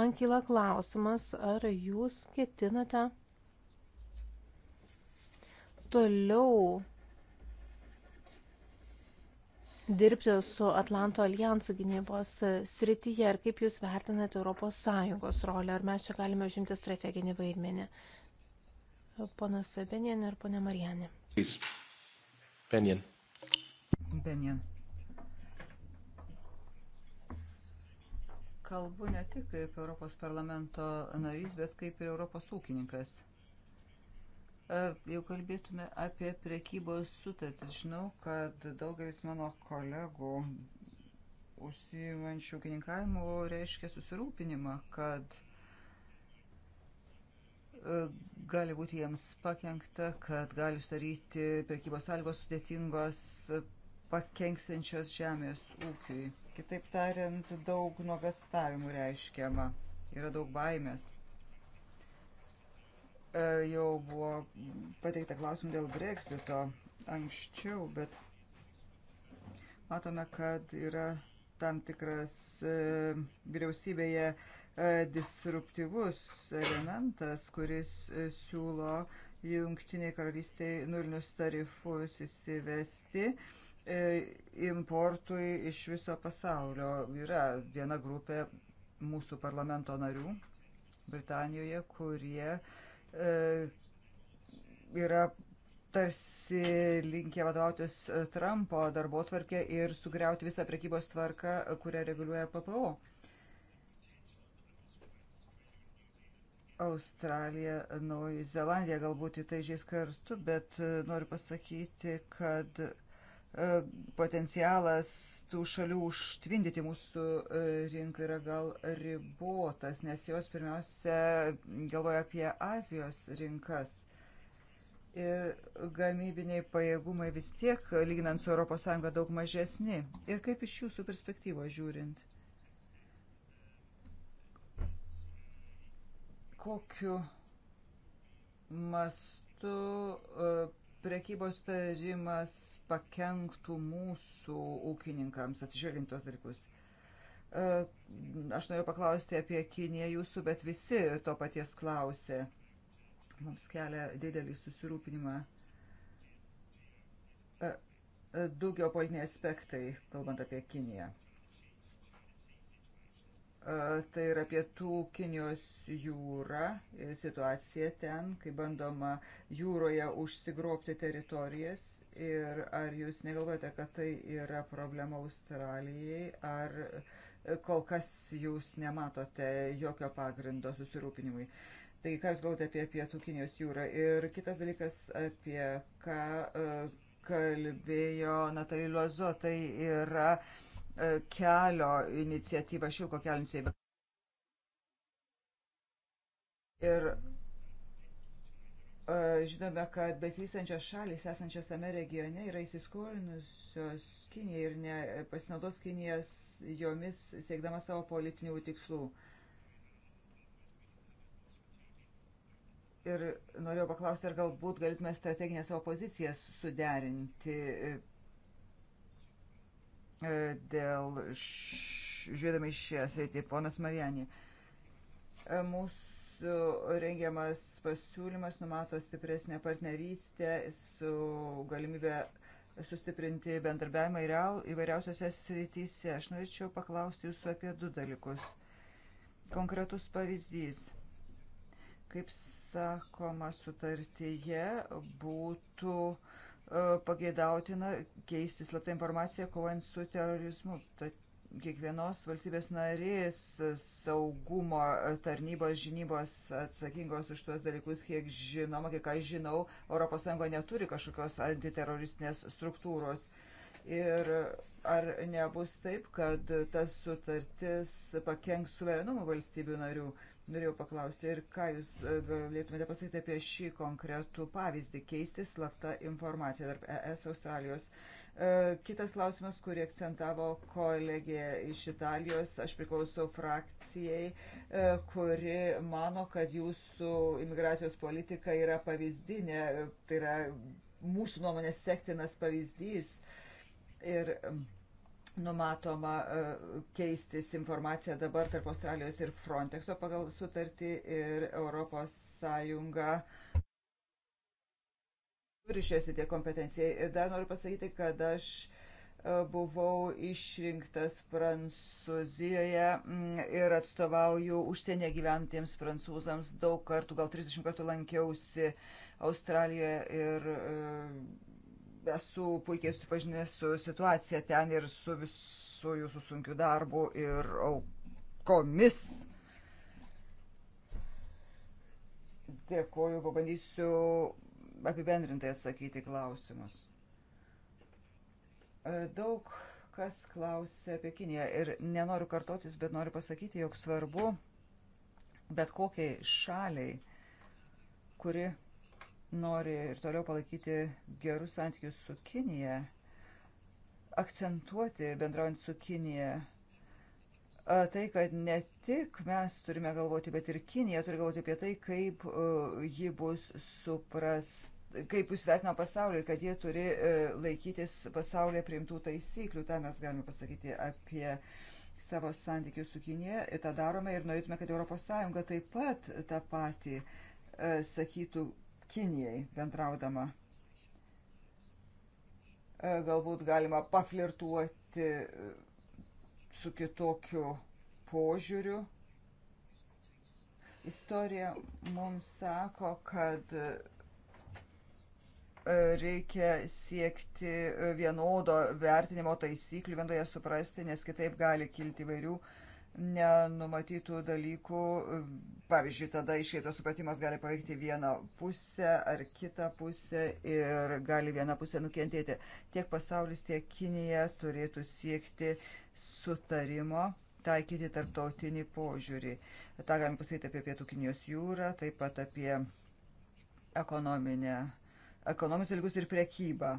man kyla klausimas, ar jūs ketinate toliau dirbti su Atlanto alijansu gynybos srityje ir kaip jūs vertinate ES rolę, ar mes čia galime užimti strateginį vaidmenį. Ponas Benien ir ponė Marijanė. Benien. Benien. Kalbu ne tik kaip Europos parlamento narys, bet kaip ir Europos ūkininkas. E, jau kalbėtume apie prekybos sutartis. Žinau, kad daugelis mano kolegų užsimančių ūkininkavimu reiškia susirūpinimą, kad e, gali būti jiems pakengta, kad gali sudaryti prekybos sąlygos sudėtingos e, pakenksinčios žemės ūkiui. Kitaip tariant, daug nuogastavimų reiškiama, yra daug baimės. E, jau buvo pateikta klausimų dėl Brexito anksčiau, bet matome, kad yra tam tikras e, vyriausybėje e, disruptyvus elementas, kuris siūlo jungtiniai karalystiai nulinius tarifus įsivesti importui iš viso pasaulio. Yra viena grupė mūsų parlamento narių Britanijoje, kurie uh, E, yra tarsi linkę vadovautis Trumpo darbo tvarkė ir sugriauti visą prekybos tvarką, kurią reguliuoja PPO. Australija, Naujoji Zelandija galbūt į tai žiais kartu, bet noriu pasakyti, kad E, potencialas tų šalių užtvindyti mūsų e, rinką yra gal ribotas, nes jos pirmiausia galvoja apie Azijos rinkas. Ir gamybiniai pajėgumai vis tiek, lyginant su ES, daug mažesni. Ir kaip iš jūsų perspektyvos žiūrint? Kokiu mastu e, prekybos tarimas pakenktų mūsų ūkininkams, atsižvelgiant tuos dalykus. E, aš noriu paklausti apie Kiniją jūsų, bet visi to paties klausė. Mums kelia didelį susirūpinimą e, e, du geopolitiniai aspektai, kalbant apie Kiniją tai yra pietų Kinijos jūra ir situacija ten, kai bandoma jūroje užsigrobti teritorijas. Ir ar jūs negalvojate, kad tai yra problema Australijai, ar kol kas jūs nematote jokio pagrindo susirūpinimui? Tai ką jūs galvote apie pietų Kinijos jūrą? Ir kitas dalykas, apie ką kalbėjo Natalilo Zo, tai yra uh, kelio iniciatyvą, šilko kelio iniciatyvą. Ir e, žinome, kad besivystančios šalis esančios tame regione yra įsiskolinusios Kinija ir nepasinaudos Kinijas jomis siekdama savo politinių tikslų. ir norėjau paklausti, ar galbūt galėtume strateginę savo poziciją suderinti e, E, dėl žiūrėdami šią sveitį. Ponas Marijanį, e, mūsų rengiamas pasiūlymas numato stipresnę partnerystę su galimybė sustiprinti bendarbiavimą įvairiausiose srityse. Aš norėčiau paklausti jūsų apie du dalykus. Konkretus pavyzdys. Kaip sakoma sutartyje, būtų uh, E, pageidautina keisti slaptą informaciją kovant su terorizmu. Tad kiekvienos valstybės narės saugumo tarnybos žinybos atsakingos už tuos dalykus, kiek žinoma, kiek aš žinau, ES neturi kažkokios antiteroristinės struktūros. Ir ar nebus taip, kad tas sutartis pakenks suverenumų valstybių narių? Uh, norėjau paklausti ir ką Jūs e, galėtumėte pasakyti apie šį konkretų pavyzdį - keisti slaptą informaciją tarp ES Australijos. E, kitas klausimas, kurį akcentavo kolegė iš Italijos, aš priklausau frakcijai, e, kuri mano, kad jūsų imigracijos politika yra pavyzdinė, tai yra mūsų nuomonės sektinas pavyzdys. Ir numatoma e, keistis informacija dabar tarp Australijos ir Frontexo pagal sutartį ir Europos Sąjunga turi šią sitį kompetenciją. Ir dar noriu pasakyti, kad aš e, buvau išrinktas Prancūzijoje mm, ir atstovauju užsienė gyventiems prancūzams daug kartų, gal 30 kartų lankiausi Australijoje ir e, esu puikiai susipažinęs su situacija ten ir su visu jūsų sunkiu darbu ir aukomis. Dėkuoju, pabandysiu apibendrintai atsakyti klausimus. E, daug kas klausė apie Kiniją ir nenoriu kartotis, bet noriu pasakyti, jog svarbu bet kokiai šaliai, kuri nori ir toliau palaikyti gerus santykius su Kinija, akcentuoti bendraujant su Kinija tai, kad ne tik mes turime galvoti, bet ir Kinija turi galvoti apie tai, kaip ji bus supras, kaip bus vertina pasaulį ir kad jie turi e, laikytis pasaulyje priimtų taisyklių. Ta mes galime pasakyti apie savo santykius su Kinija ir tą darome ir norėtume, kad ES taip pat tą patį e, sakytų, Kinijai bendraudama. E, galbūt galima paflirtuoti e, su kitokiu požiūriu. Istorija mums sako, kad e, reikia siekti vienodo vertinimo taisyklių, vienodoje suprasti, nes kitaip gali kilti vairių uh, nenumatytų dalykų. Pavyzdžiui, tada išėtos supratimas gali paveikti vieną pusę ar kitą pusę ir gali vieną pusę nukentėti. Tiek pasaulis, tiek Kinija turėtų siekti sutarimo taikyti tarptautinį požiūrį. Ta galim pasakyti apie Pietų Kinijos jūrą, taip pat apie ekonominę, ekonominius ilgus ir prekybą.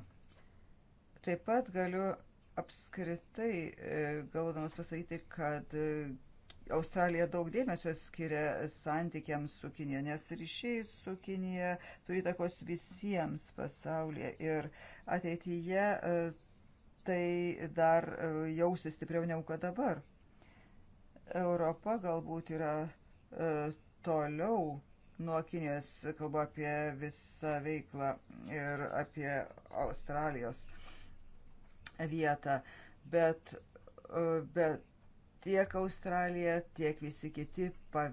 Taip pat galiu apskritai e, galvodamas pasakyti, kad e, Australija daug dėmesio skiria santykiams su Kinija, nes ryšiai su Kinija turi takos visiems pasaulyje ir ateityje e, tai dar jausis stipriau negu kad dabar. Europa galbūt yra toliau nuo Kinijos, kalbu apie visą veiklą ir apie Australijos. Uh, vietą. Bet, e, bet tiek Australija, tiek visi kiti pa,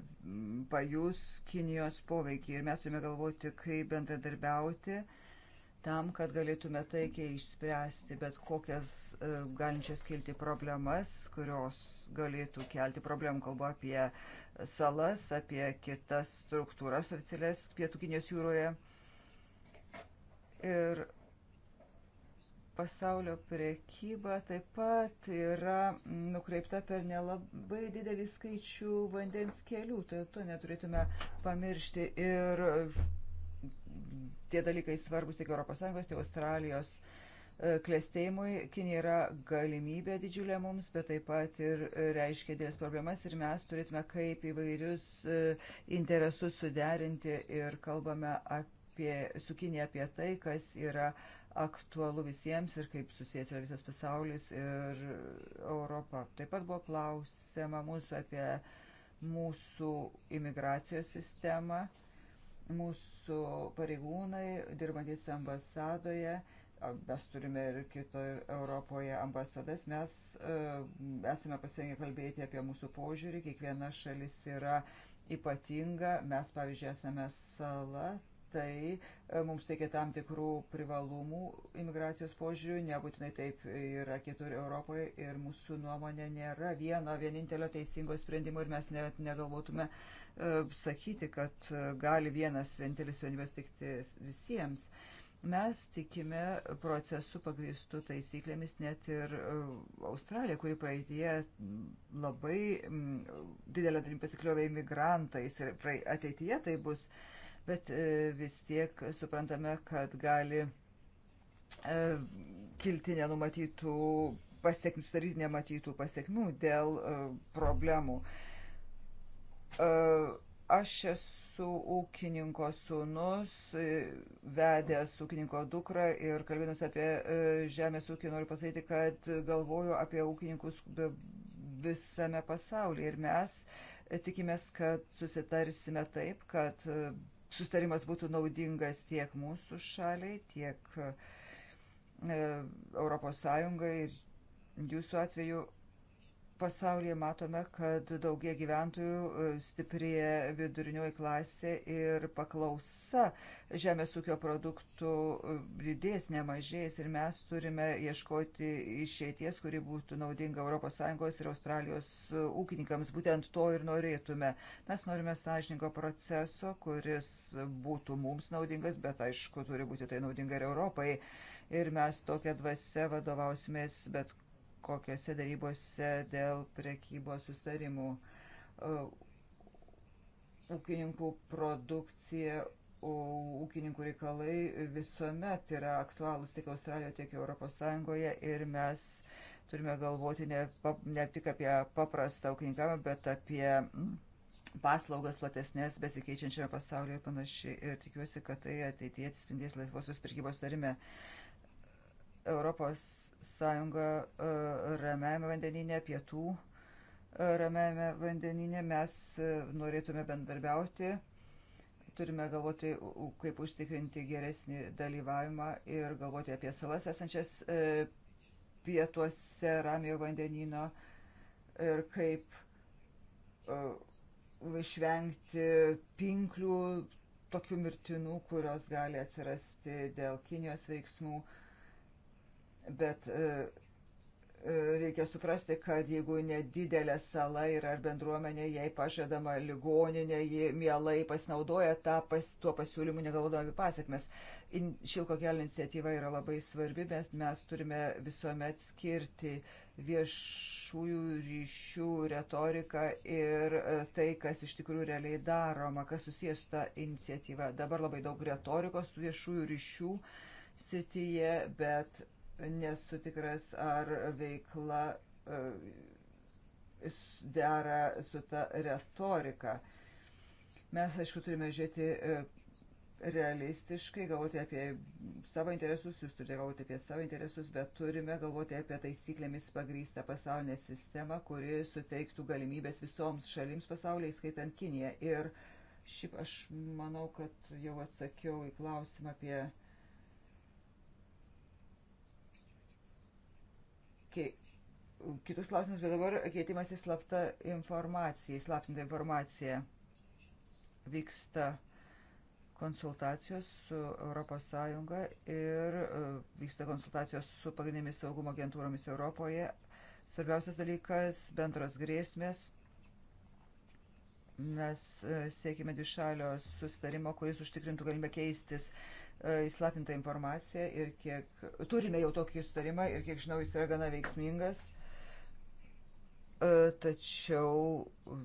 pajus Kinijos poveikį. Ir mes turime galvoti, kaip bendradarbiauti tam, kad galėtume taikiai išspręsti bet kokias uh, galinčias kilti problemas, kurios galėtų kelti problemų. Kalbu apie salas, apie kitas struktūras oficialias Pietų Kinijos jūroje. Ir uh, pasaulio prekyba taip pat yra nukreipta per nelabai didelį skaičių vandens kelių, tai to neturėtume pamiršti. Ir tie dalykai svarbus tiek ES, tiek Australijos e, klėstėjimui. Kinija yra galimybė didžiulė mums, bet taip pat ir reiškia dėlės problemas ir mes turėtume kaip įvairius e, interesus suderinti ir kalbame apie, su Kinija apie tai, kas yra uh, aktualu visiems ir kaip susijęs yra visas pasaulis ir Europa. Taip pat buvo klausima mūsų apie mūsų imigracijos sistemą. Mūsų pareigūnai, dirbantis ambasadoje, mes turime ir kito Europoje ambasadas, mes e, esame pasirengę kalbėti apie mūsų požiūrį, kiekviena šalis yra ypatinga, mes pavyzdžiui esame sala, tai e, mums teikia tam tikrų privalumų imigracijos požiūrių, nebūtinai taip yra kitur Europoje ir mūsų nuomonė nėra vieno vienintelio teisingo sprendimo ir mes net negalvotume e, sakyti, kad e, gali vienas vienintelis sprendimas tikti visiems. Mes tikime procesų pagristų taisyklėmis net ir Australija, kuri praeitie labai didelę dalim pasikliovė imigrantais ir ateityje tai bus uh, bet e, vis tiek suprantame, kad gali e, kilti nenumatytų pasiekmių, sudaryti nematytų pasiekmių dėl e, problemų. Aš esu ūkininko sūnus, vedęs ūkininko dukrą ir kalbėdamas apie žemės ūkį noriu pasakyti, kad galvoju apie ūkininkus visame pasaulyje ir mes tikimės, kad susitarsime taip, kad sustarimas būtų naudingas tiek mūsų šaliai, tiek e, Europos Sąjungai ir jūsų atveju pasaulyje matome, kad daugie gyventojų e, stiprėja vidurinioji klasė ir paklausa žemės ūkio produktų e, didės, nemažės ir mes turime ieškoti išeities, kuri būtų naudinga ES ir Australijos e, ūkininkams. Būtent to ir norėtume. Mes norime sąžininko proceso, kuris būtų mums naudingas, bet aišku, turi būti tai naudinga ir Europai. Ir mes tokią dvasę vadovausimės bet kokiuose darybose dėl prekybos sustarimų. E, ūkininkų produkcija, ūkininkų reikalai visuomet yra aktualūs tiek Australijoje, tiek Europos Sąjungoje ir mes turime galvoti ne, ne tik apie paprastą ūkininkavimą, bet apie paslaugas platesnės besikeičiančiame pasaulyje ir panašiai. Ir tikiuosi, kad tai ateityje atsispindės Lietuvosios pirkybos tarime. Uh, Europos Sąjunga e, ramiajame vandeninė, pietų e, ramiajame vandeninė. Mes e, norėtume bendarbiauti, turime galvoti, kaip užtikrinti geresnį dalyvavimą ir galvoti apie salas esančias pietuose ramiojo vandenino ir kaip išvengti pinklių tokių mirtinų, kurios gali atsirasti dėl Kinijos veiksmų. Uh, bet e, e, reikia suprasti, kad jeigu nedidelė sala yra ar bendruomenė, jai pažadama ligoninė, ji mielai pasinaudoja tą, pas, tuo pasiūlymu, negalvodami apie pasiekmes. Šilko kelio iniciatyva yra labai svarbi, bet mes turime visuomet skirti viešųjų ryšių retoriką ir e, tai, kas iš tikrųjų realiai daroma, kas susijęs su ta iniciatyva. Dabar labai daug retorikos viešųjų ryšių srityje, bet nesu tikras, ar veikla e, dera su ta retorika. Mes, aišku, turime žiūrėti e, realistiškai, galvoti apie savo interesus, jūs turite galvoti apie savo interesus, bet turime galvoti apie taisyklėmis pagrįstą pasaulinę sistemą, kuri suteiktų galimybės visoms šalims pasaulyje, įskaitant Kiniją. Ir šiaip aš manau, kad jau atsakiau į klausimą apie kitus klausimus, bet dabar keitimas į slaptą informaciją, įslaptintą informaciją vyksta konsultacijos su ES ir e, vyksta konsultacijos su pagrindinėmis saugumo agentūromis Europoje. Svarbiausias dalykas - bendros grėsmės. Mes e, siekime dvišalio sustarimo, kuris užtikrintų galimybę keistis E, įslapintą informaciją ir kiek turime jau tokį sutarimą ir kiek žinau, jis yra gana veiksmingas. E, tačiau e,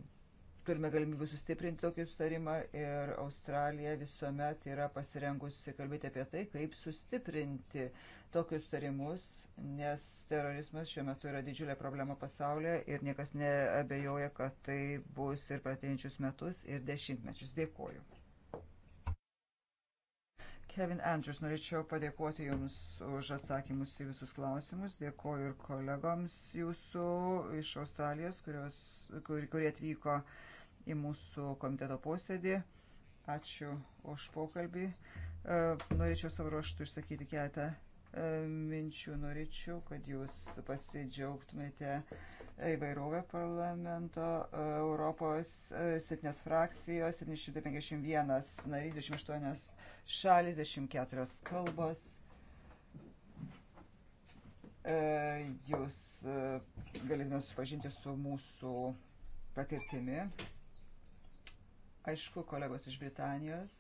turime galimybę sustiprinti tokį sutarimą ir Australija visuomet yra pasirengusi kalbėti apie tai, kaip sustiprinti tokius sutarimus, nes terorizmas šiuo metu yra didžiulė problema pasaulyje ir niekas neabejoja, kad tai bus ir pratinčius metus ir dešimtmečius. Dėkuoju. Kevin Andrews, norėčiau padėkoti Jums už atsakymus į visus klausimus. Dėkoju ir kolegoms Jūsų iš Australijos, kurios, kur, kurie atvyko į mūsų komiteto posėdį. Ačiū už pokalbį. E, norėčiau savo ruoštų išsakyti keletą E, minčių. Norėčiau, kad jūs pasidžiaugtumėte įvairovę parlamento e, Europos 7 e, frakcijos, 751 narys, 28 šalis, 24 kalbos. Jūs galėtume susipažinti su mūsų patirtimi. Aišku, kolegos iš Britanijos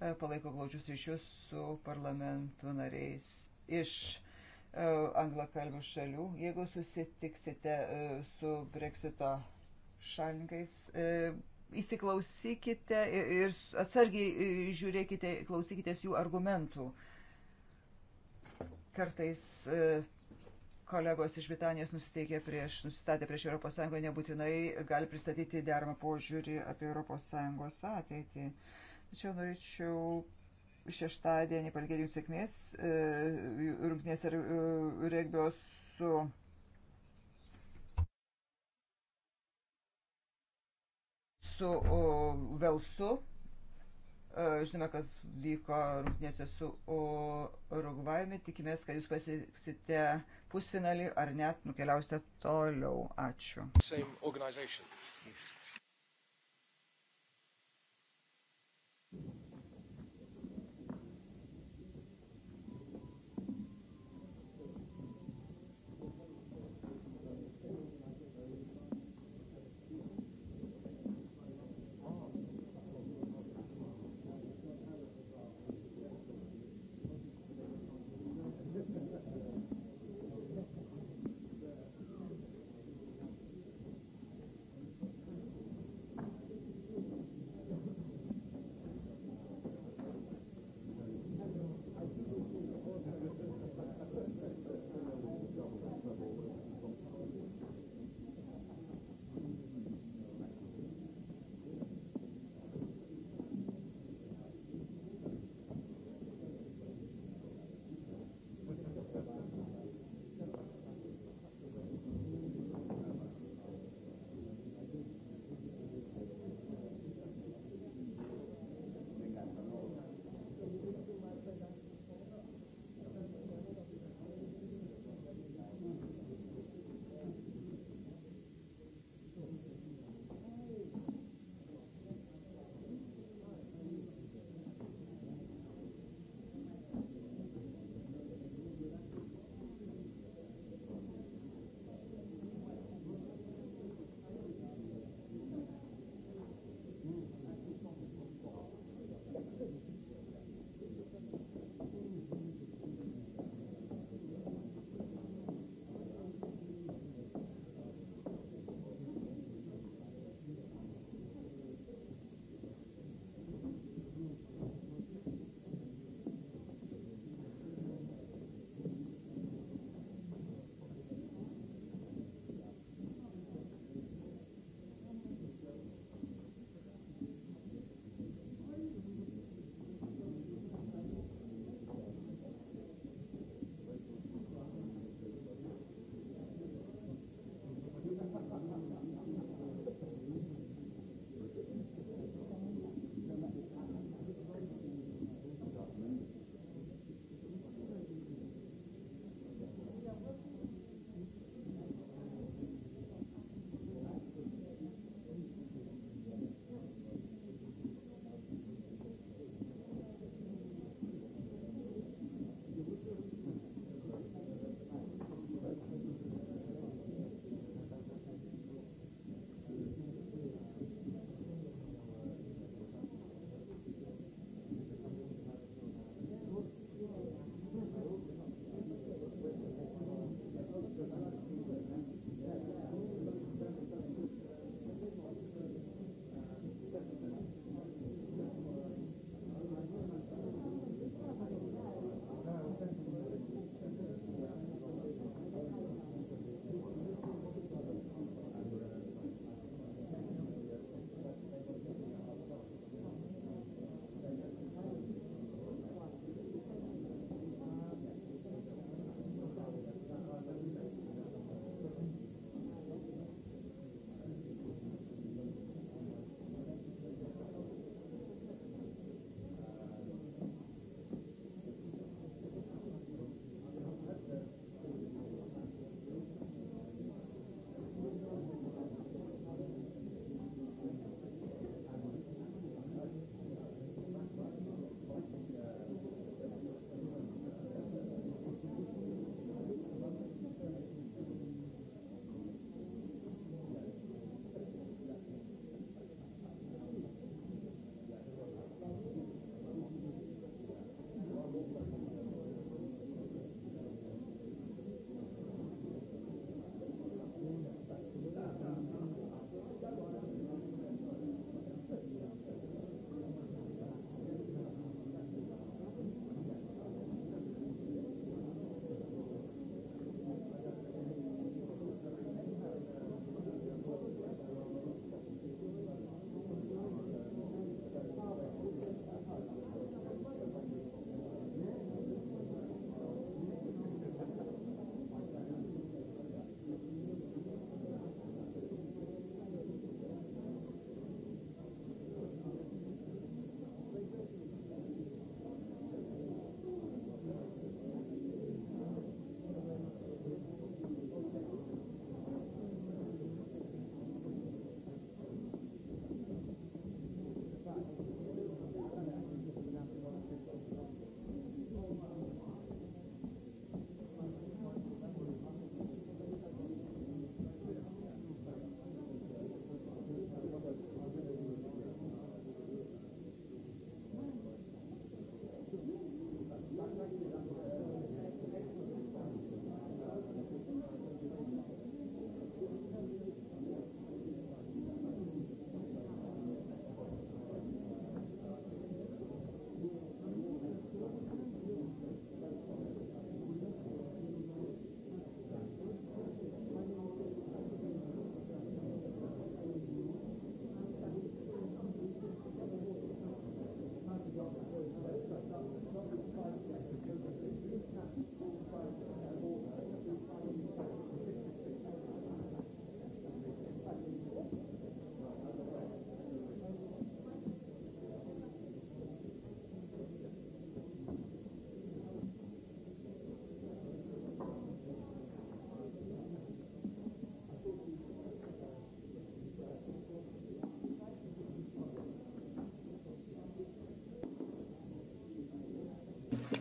E, palaiko glaudžius ryšius su parlamentų nariais iš e, anglakalbių šalių. Jeigu susitiksite e, su breksito šalininkais, įsiklausykite ir atsargiai žiūrėkite, klausykitės jų argumentų. Kartais kolegos iš Britanijos nusiteikė prieš, nusistatė prieš ES, nebūtinai gali pristatyti deramą požiūrį apie ES ateitį. Uh, Tačiau norėčiau šeštadienį palgėti jums sėkmės e, rungtinės ir e, regbio su. su Velsu. E, žinome, kas vyko rungtynėse su Urugvajumi. Tikimės, kad jūs pasieksite pusfinalį ar net nukeliausite toliau. Ačiū. Yes.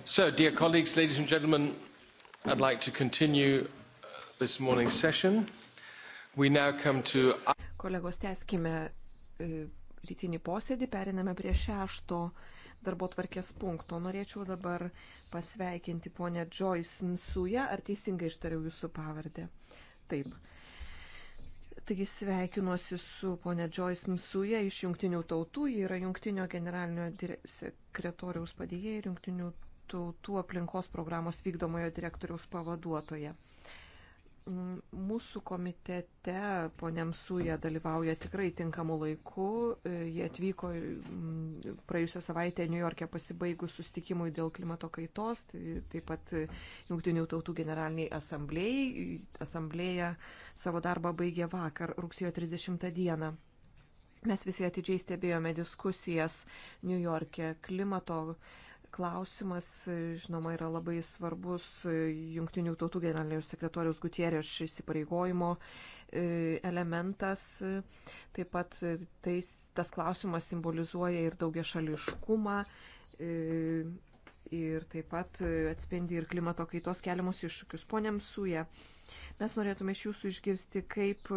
So, dear colleagues, ladies and gentlemen, I'd like to continue uh, this morning's session. We now come to... Kolegos, teskime e, rytinį posėdį, periname prie šešto darbo tvarkės punkto. Norėčiau dabar pasveikinti ponę Joyce Nsuja. Ar teisingai ištariau jūsų pavardę? Taip. Taigi sveikinuosi su ponė Joyce Msuja iš Junktinių tautų. Ji yra Junktinio generalinio sekretoriaus padėjėja ir Junktinių tautų aplinkos programos vykdomojo direktoriaus pavaduotoja. Mūsų komitete poniam Sūja dalyvauja tikrai tinkamu laiku. E, jie atvyko praėjusią savaitę New York'e pasibaigus sustikimui dėl klimato kaitos, tai taip pat Junktinių tautų generaliniai asamblėjai. Asamblėja savo darbą baigė vakar, rugsėjo 30 dieną. Mes visi atidžiai stebėjome diskusijas New York'e klimato kaitos Klausimas, žinoma, yra labai svarbus Junktinių tautų generalinio sekretoriaus Gutierės įsipareigojimo e, elementas. Taip pat tais, tas klausimas simbolizuoja ir daugia šališkumą e, ir taip pat atspindi ir klimato kaitos keliamus iššūkius. Pone Msuja, mes norėtume iš jūsų išgirsti, kaip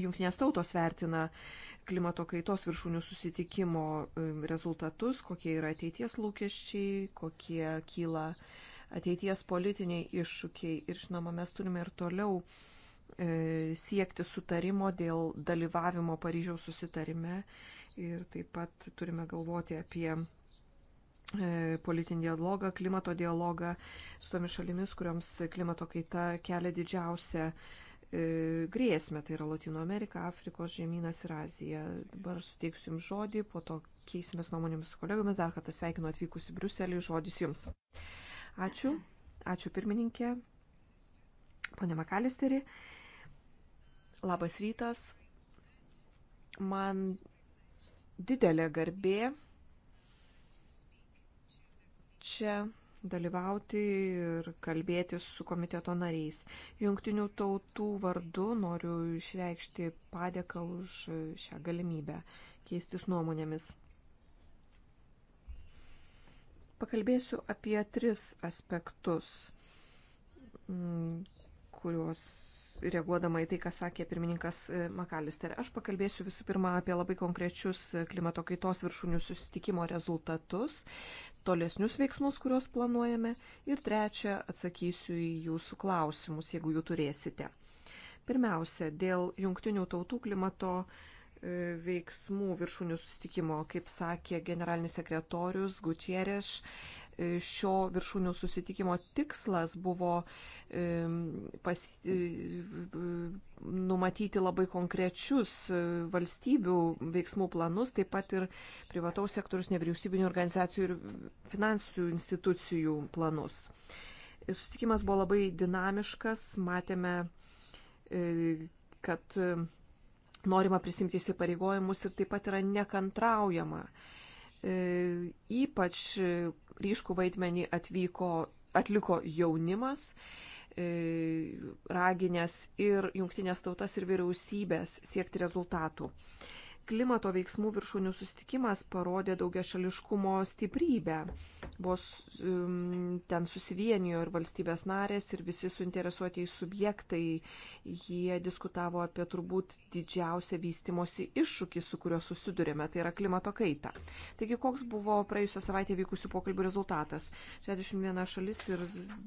Junktinės tautos vertina klimato kaitos viršūnių susitikimo um, rezultatus, kokie yra ateities lūkesčiai, kokie kyla ateities politiniai iššūkiai. Ir žinoma, mes turime ir toliau e, siekti sutarimo dėl dalyvavimo Paryžiaus susitarime ir taip pat turime galvoti apie e, politinį dialogą, klimato dialogą su tomis šalimis, kuriams klimato kaita kelia didžiausią E, grėsmę, tai yra Latino Amerika, Afrikos žemynas ir Azija. Dabar suteiksiu Jums žodį, po to keisimės nuomonėmis su kolegomis, dar kartą sveikinu atvykus į Briuselį, žodis Jums. Ačiū, ačiū pirmininkė, ponė Makalisteri, labas rytas, man didelė garbė čia dalyvauti ir kalbėti su komiteto nariais. Jungtinių tautų vardu noriu išreikšti padėką už šią galimybę keistis nuomonėmis. Pakalbėsiu apie tris aspektus mm, kurios reaguodama į tai, ką sakė pirmininkas e, Makalister. Aš pakalbėsiu visų pirma apie labai konkrečius e, klimato kaitos viršūnių susitikimo rezultatus, tolesnius veiksmus, kuriuos planuojame. Ir trečia, atsakysiu į jūsų klausimus, jeigu jų turėsite. Pirmiausia, dėl jungtinių tautų klimato e, veiksmų viršūnių susitikimo, kaip sakė generalinis sekretorius Gutierrez, šio viršūnių susitikimo tikslas buvo pas, e, numatyti labai konkrečius e, valstybių veiksmų planus, taip pat ir privataus sektorius, nevyriausybinių organizacijų ir finansų institucijų planus. Susitikimas buvo labai dinamiškas, matėme, e, kad norima prisimti įsipareigojimus ir taip pat yra nekantraujama. Ypač ryškų vaidmenį atvyko, atliko jaunimas, e, raginės ir jungtinės tautas ir vyriausybės siekti rezultatų. Klimato veiksmų viršūnių sustikimas parodė daugia šališkumo stiprybę. Buvo um, ten susivienijo ir valstybės narės, ir visi suinteresuotieji subjektai. Jie diskutavo apie turbūt didžiausią vystimosi iššūkį, su kuriuo susidurėme, tai yra klimato kaita. Taigi, koks buvo praėjusią savaitę vykusių pokalbių rezultatas? 61 šalis ir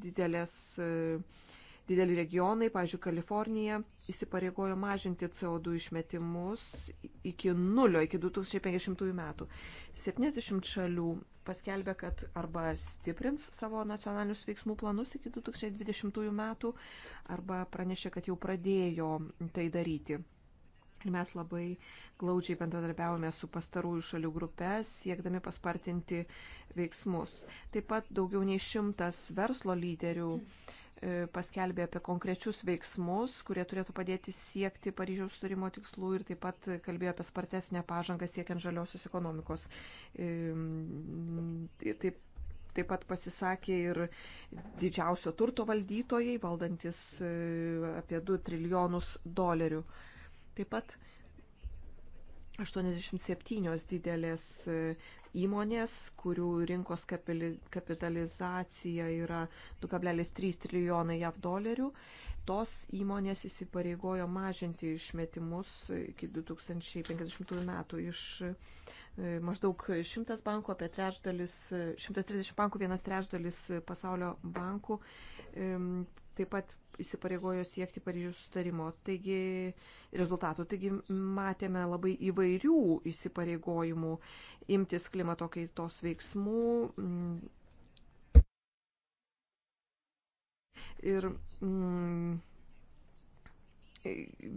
didelės. Uh, Dideli regionai, pavyzdžiui, Kalifornija, įsipareigojo mažinti CO2 išmetimus iki nulio, iki 2050 metų. 70 šalių paskelbė, kad arba stiprins savo nacionalinius veiksmų planus iki 2020 metų, arba pranešė, kad jau pradėjo tai daryti. Ir mes labai glaudžiai bendradarbiavome su pastarųjų šalių grupe, siekdami paspartinti veiksmus. Taip pat daugiau nei šimtas verslo lyderių mm E, paskelbė apie konkrečius veiksmus, kurie turėtų padėti siekti Paryžiaus turimo tikslų ir taip pat kalbėjo apie spartesnę pažangą siekiant žaliosios ekonomikos. E, taip, taip pat pasisakė ir didžiausio turto valdytojai, valdantis e, apie 2 trilijonus dolerių. Taip pat 87 didelės įmonės, kurių rinkos kapitalizacija yra 2,3 trilijonai JAV dolerių. Tos įmonės įsipareigojo mažinti išmetimus iki 2050 metų iš e, maždaug 100 bankų, apie trečdalis, 130 bankų, vienas trečdalis pasaulio bankų taip pat įsipareigojo siekti Paryžiaus sutarimo. Taigi rezultatų, taigi matėme labai įvairių įsipareigojimų imtis klimato kaitos veiksmų. Ir mm,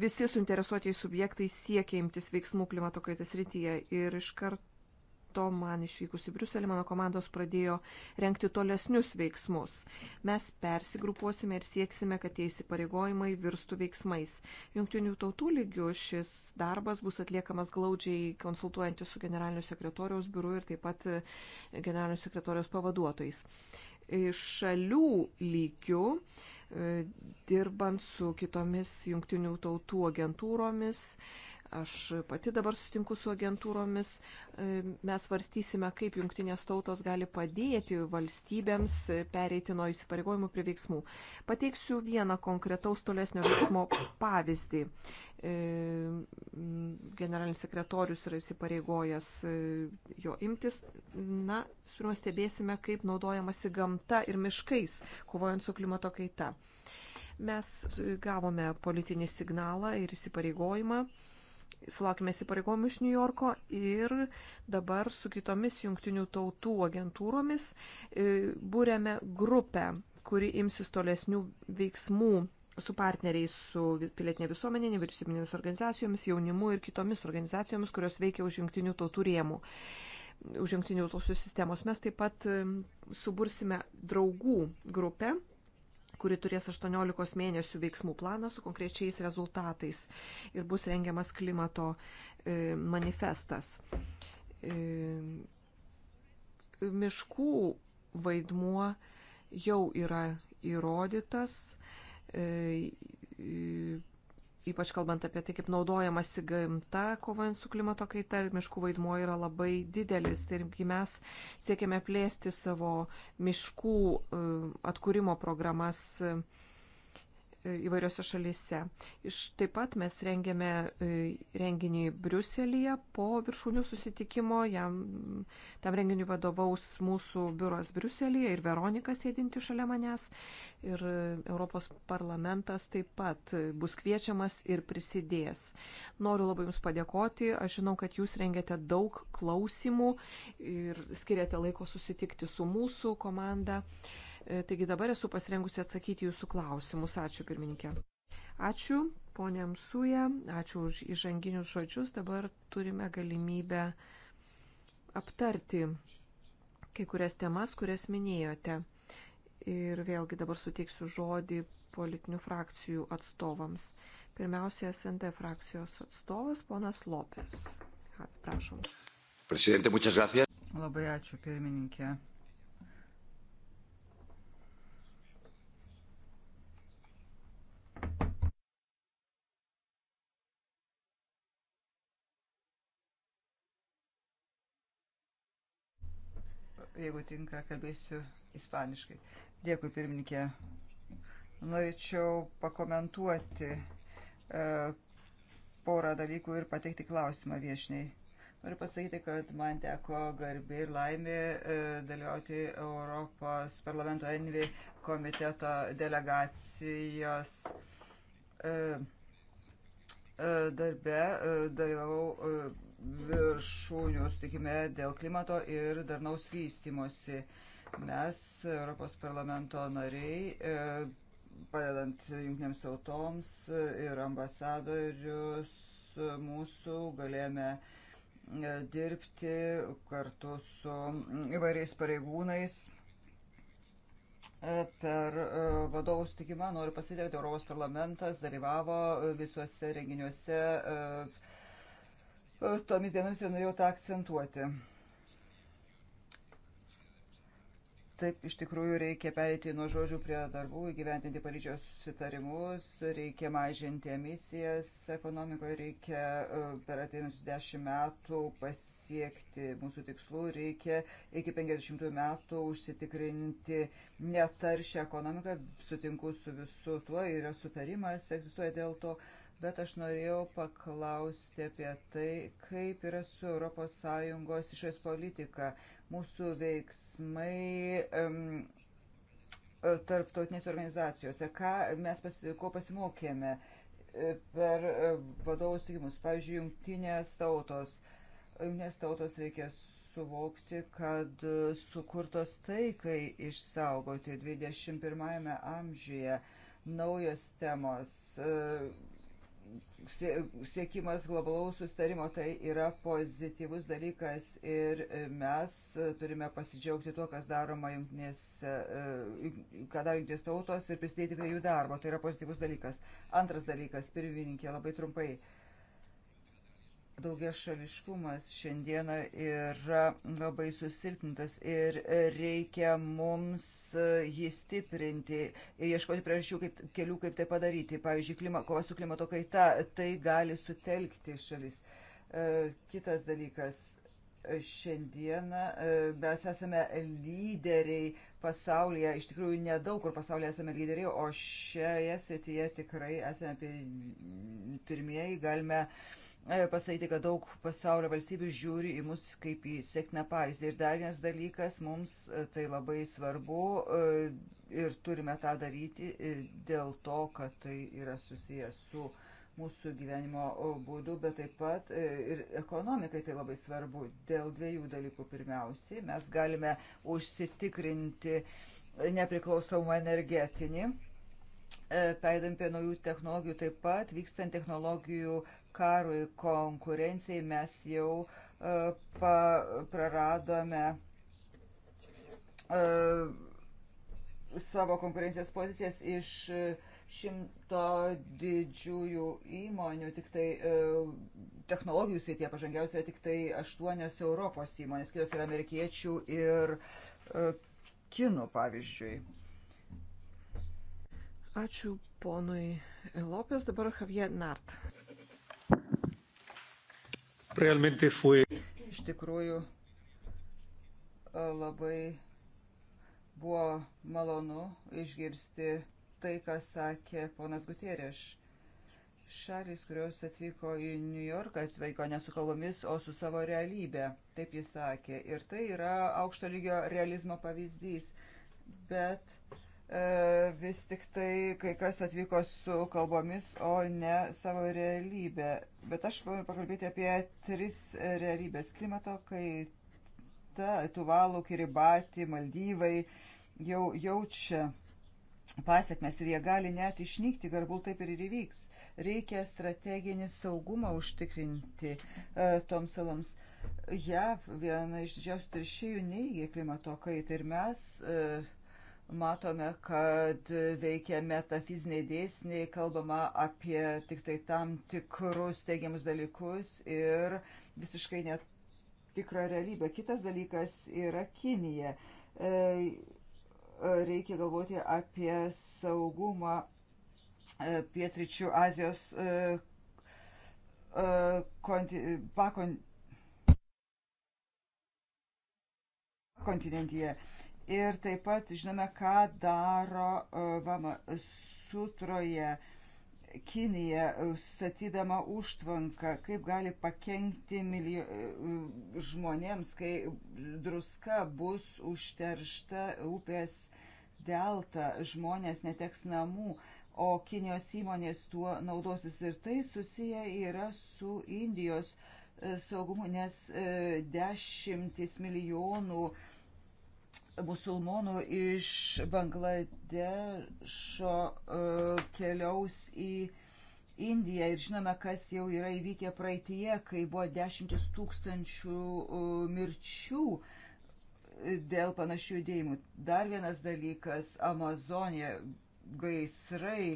visi suinteresuotieji subjektai siekia imtis veiksmų klimato kaitos rytyje. Ir iš karto to man išvykus į Briuselį mano komandos pradėjo renkti tolesnius veiksmus. Mes persigrupuosime ir sieksime, kad tie įsipareigojimai virstų veiksmais. Junktinių tautų lygių šis darbas bus atliekamas glaudžiai konsultuojantis su generalinio sekretoriaus biuru ir taip pat e, generalinio sekretoriaus pavaduotojais. Šalių lygių e, dirbant su kitomis jungtinių tautų agentūromis, Aš pati dabar sutinku su agentūromis. E, mes svarstysime, kaip jungtinės tautos gali padėti valstybėms pereiti nuo įsipareigojimų prie veiksmų. Pateiksiu vieną konkretaus tolesnio veiksmo pavyzdį. E, generalinis sekretorius yra įsipareigojęs e, jo imtis. Na, pirmą stebėsime, kaip naudojamasi gamta ir miškais, kovojant su klimato kaita. Mes gavome politinį signalą ir įsipareigojimą sulaukime įsipareigojimų iš New Yorko ir dabar su kitomis jungtinių tautų agentūromis e, būrėme grupę, kuri imsis tolesnių veiksmų su partneriais, su pilietinė visuomenė, nevyriausybinėmis organizacijomis, jaunimu ir kitomis organizacijomis, kurios veikia už jungtinių tautų rėmų. Už jungtinių tautų sistemos mes taip pat e, subursime draugų grupę kuri turės 18 mėnesių veiksmų planą su konkrečiais rezultatais ir bus rengiamas klimato e, manifestas. E, miškų vaidmuo jau yra įrodytas e, ypač kalbant apie tai, kaip naudojamasi gamta, kovojant su klimato kaita, miškų vaidmuo yra labai didelis. Ir kai mes siekiame plėsti savo miškų e, atkūrimo programas įvairiose šalyse. Iš taip pat mes rengėme e, renginį Briuselėje po viršūnių susitikimo. Jam, tam renginiui vadovaus mūsų biuras Briuselėje ir Veronika sėdinti šalia manęs. Ir e, Europos parlamentas taip pat bus kviečiamas ir prisidės. Noriu labai Jums padėkoti. Aš žinau, kad Jūs rengiate daug klausimų ir skiriate laiko susitikti su mūsų komanda. Uh, E, taigi dabar esu pasirengusi atsakyti jūsų klausimus. Ačiū, pirmininkė. Ačiū, ponė Msuja, ačiū už įžanginius žodžius. Dabar turime galimybę aptarti kai kurias temas, kurias minėjote. Ir vėlgi dabar suteiksiu žodį politinių frakcijų atstovams. Pirmiausia, SND frakcijos atstovas, ponas Lopes. Prašom. Labai ačiū, pirmininkė. jeigu tinka, kalbėsiu ispaniškai. Dėkui, pirmininkė. Norėčiau pakomentuoti e, porą dalykų ir pateikti klausimą viešniai. Noriu pasakyti, kad man teko garbė ir laimė e, dalyvauti Europos parlamento Envi komiteto delegacijos e, e, darbe. E, dalyvavau. E, viršūnių sutikime dėl klimato ir darnaus vystimosi. Mes, Europos parlamento nariai, e, padedant jungtinėms tautoms ir ambasadorius mūsų, galėjome e, dirbti kartu su įvairiais pareigūnais. E, per vadovų sutikimą noriu pasidėti, Europos parlamentas dalyvavo visuose renginiuose, tomis dienomis ir norėjau tą akcentuoti. Taip, iš tikrųjų reikia perėti nuo žodžių prie darbų, įgyventinti Paryžiaus susitarimus, reikia mažinti emisijas ekonomikoje, reikia e, per ateinus 10 metų pasiekti mūsų tikslų, reikia iki 50 metų užsitikrinti netaršią ekonomiką, sutinku su visu tuo, yra sutarimas, egzistuoja dėl to. Uh, bet aš norėjau paklausti apie tai, kaip yra su ES išės politika. Mūsų veiksmai um, tarptautinėse organizacijose, ką mes pasi, ko pasimokėme e, per e, vadovų sutikimus. Pavyzdžiui, jungtinės tautos. Jungtinės tautos reikia suvokti, kad sukurtos taikai išsaugoti 21 amžiuje naujos temos. Uh, siekimas globalaus sustarimo tai yra pozityvus dalykas ir mes turime pasidžiaugti tuo, kas daroma jungtinės, e, ką daro jungtinės tautos ir prisidėti prie jų darbo. Tai yra pozityvus dalykas. Antras dalykas, pirmininkė, labai trumpai daugia šališkumas šiandieną yra labai susilpnintas ir reikia mums e, jį stiprinti ir ieškoti priežasčių kaip kelių, kaip tai padaryti. Pavyzdžiui, klima, kova su klimato kaita, tai gali sutelkti šalis. E, kitas dalykas, e, šiandieną mes esame lyderiai pasaulyje, iš tikrųjų nedaug kur pasaulyje esame lyderiai, o šioje srityje tikrai esame pirmieji, galime uh, E, pasakyti, kad daug pasaulio valstybių žiūri į mus kaip į sėkmę pavyzdį. Ir dar vienas dalykas, mums e, tai labai svarbu e, ir turime tą daryti dėl to, kad tai yra susijęs su mūsų gyvenimo būdu, bet taip pat ir ekonomikai tai labai svarbu. Dėl dviejų dalykų pirmiausiai mes galime užsitikrinti nepriklausomą energetinį Peidam prie naujų technologijų taip pat vykstant technologijų karui, konkurencijai mes jau e, pa, praradome e, savo konkurencijos pozicijas iš e, šimto didžiųjų įmonių, tik tai technologijų srityje pažangiausia tik tai aštuonios Europos įmonės, kitos yra amerikiečių ir kinų pavyzdžiui. Ačiū ponui Lopės, dabar Javier Nart realmente fue. Iš tikrųjų, e, labai buvo malonu išgirsti tai, ką sakė ponas Gutierėš. Šalis, kurios atvyko į New Yorką, atvyko ne su kalbomis, o su savo realybė, taip jis sakė. Ir tai yra aukšto lygio realizmo pavyzdys. Bet uh, E, vis tik tai kai kas atvyko su kalbomis, o ne savo realybę. Bet aš noriu pakalbėti apie tris realybės - klimato kaita, Tuvalų, Kiribati, Maldyvai jau jaučia pasiekmes ir jie gali net išnykti, garbul taip ir įvyks. Reikia strateginį saugumą užtikrinti e, toms saloms. JAV viena iš didžiausių teršėjų neigia klimato kaitą ir mes e, matome, kad veikia metafiziniai dėsniai, kalbama apie tik tai tam tikrus teigiamus dalykus ir visiškai net tikrą realybę. Kitas dalykas yra Kinija. E, reikia galvoti apie saugumą e, pietričių Azijos e, kontinentyje. Konti, Ir taip pat žinome, ką daro e, Vama Sutroje Kinija, statydama užtvanką, kaip gali pakengti milijo, e, žmonėms, kai druska bus užteršta upės delta, žmonės neteks namų, o Kinijos įmonės tuo naudosis ir tai susiję yra su Indijos e, saugumu, nes dešimtis milijonų uh, musulmonų iš Bangladešo e, keliaus į Indiją ir žinome, kas jau yra įvykę praeitie, kai buvo dešimtis tūkstančių e, mirčių e, dėl panašių judėjimų. Dar vienas dalykas - Amazonė, gaisrai,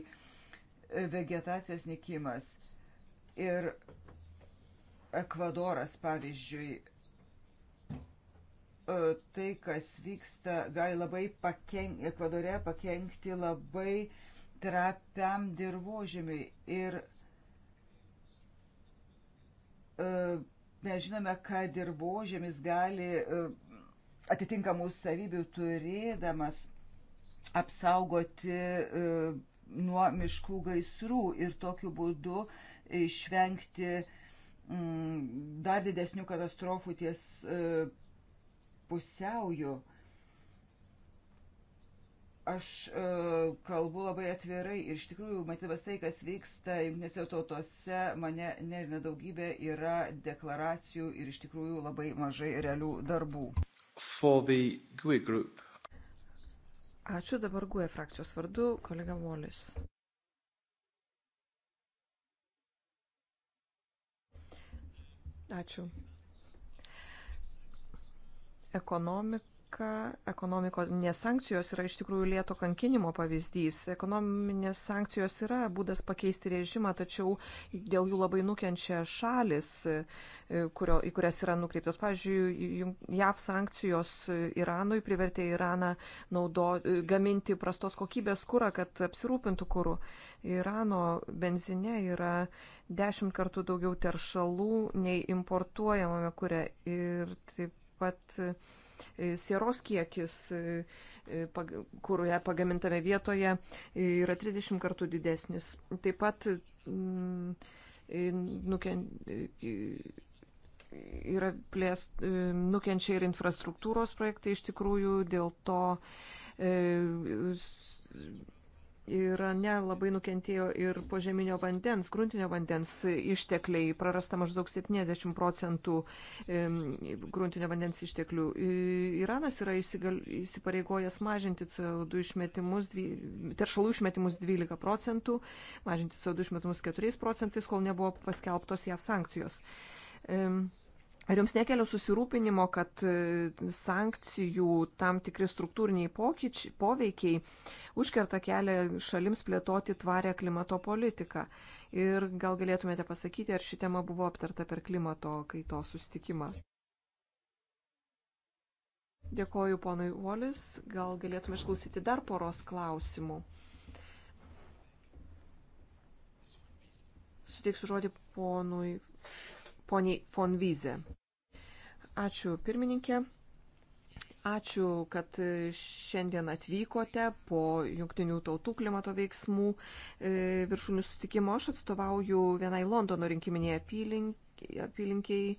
vegetacijos nikimas. Ir Ekvadoras, pavyzdžiui, E, tai, kas vyksta, gali labai pakenk, Ekvadore pakenkti labai trapiam dirbožėmiui. Ir e, mes žinome, kad dirbožėmis gali e, atitinkamų savybių turėdamas apsaugoti nuo miškų gaisrų ir tokiu būdu išvengti mm, dar didesnių katastrofų ties pusiaujo. Aš e, kalbu labai atvirai ir iš tikrųjų, matydamas tai, kas vyksta jungtinėse tautose, mane nervina daugybė yra deklaracijų ir iš tikrųjų labai mažai realių darbų. Ačiū dabar GUE frakcijos vardu, kolega Volis. Ačiū. Ekonomika, ekonomikos nesankcijos yra iš tikrųjų lieto kankinimo pavyzdys. Ekonominės sankcijos yra būdas pakeisti režimą, tačiau dėl jų labai nukenčia šalis, e, kurio, į kurias yra nukreiptos. Pavyzdžiui, JAV sankcijos Iranui privertė Iraną naudo, e, gaminti prastos kokybės kūrą, kad apsirūpintų kūrų. Irano benzinė yra dešimt kartų daugiau teršalų nei importuojamame kūre. Ir taip pat e, sieros kiekis, e, e, kurioje pagamintame vietoje, yra 30 kartų didesnis. Taip pat mm, nuken, yra plės, nukenčia ir infrastruktūros projektai iš tikrųjų, dėl to Irane labai nukentėjo ir požeminio vandens, gruntinio vandens ištekliai, prarasta maždaug 70 procentų gruntinio vandens išteklių. Iranas yra įsigal, įsipareigojęs mažinti CO2 išmetimus, teršalų išmetimus 12 procentų, mažinti CO2 išmetimus 4 procentais, kol nebuvo paskelbtos JAV sankcijos. Um, Ar jums nekelia susirūpinimo, kad e, sankcijų tam tikri struktūriniai pokyčiai, poveikiai užkerta kelią šalims plėtoti tvarę klimato politiką? Ir gal galėtumėte pasakyti, ar ši tema buvo aptarta per klimato kaitos sustikimą? Dėkoju ponui Uolis. Gal galėtume išklausyti dar poros klausimų. Suteiksiu žodį ponui poniai von Vyze. Ačiū pirmininkė. Ačiū, kad šiandien atvykote po Junktinių tautų klimato veiksmų e, viršūnių sutikimo. Aš atstovauju vienai Londono rinkiminiai apylinkiai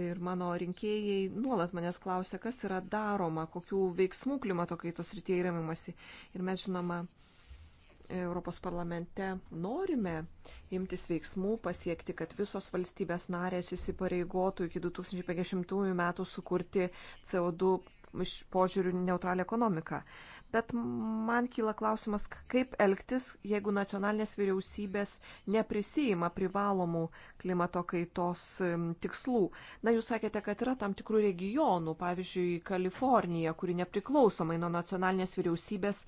ir mano rinkėjai nuolat manęs klausia, kas yra daroma, kokių veiksmų klimato kaitos rytyje įramimasi. Ir mes žinoma Europos parlamente norime imtis veiksmų, pasiekti, kad visos valstybės narės įsipareigotų iki 2050 metų sukurti CO2 požiūrių neutralią ekonomiką. Bet man kyla klausimas, kaip elgtis, jeigu nacionalinės vyriausybės neprisijima privalomų klimato kaitos tikslų. Na, jūs sakėte, kad yra tam tikrų regionų, pavyzdžiui, Kalifornija, kuri nepriklausomai nuo nacionalinės vyriausybės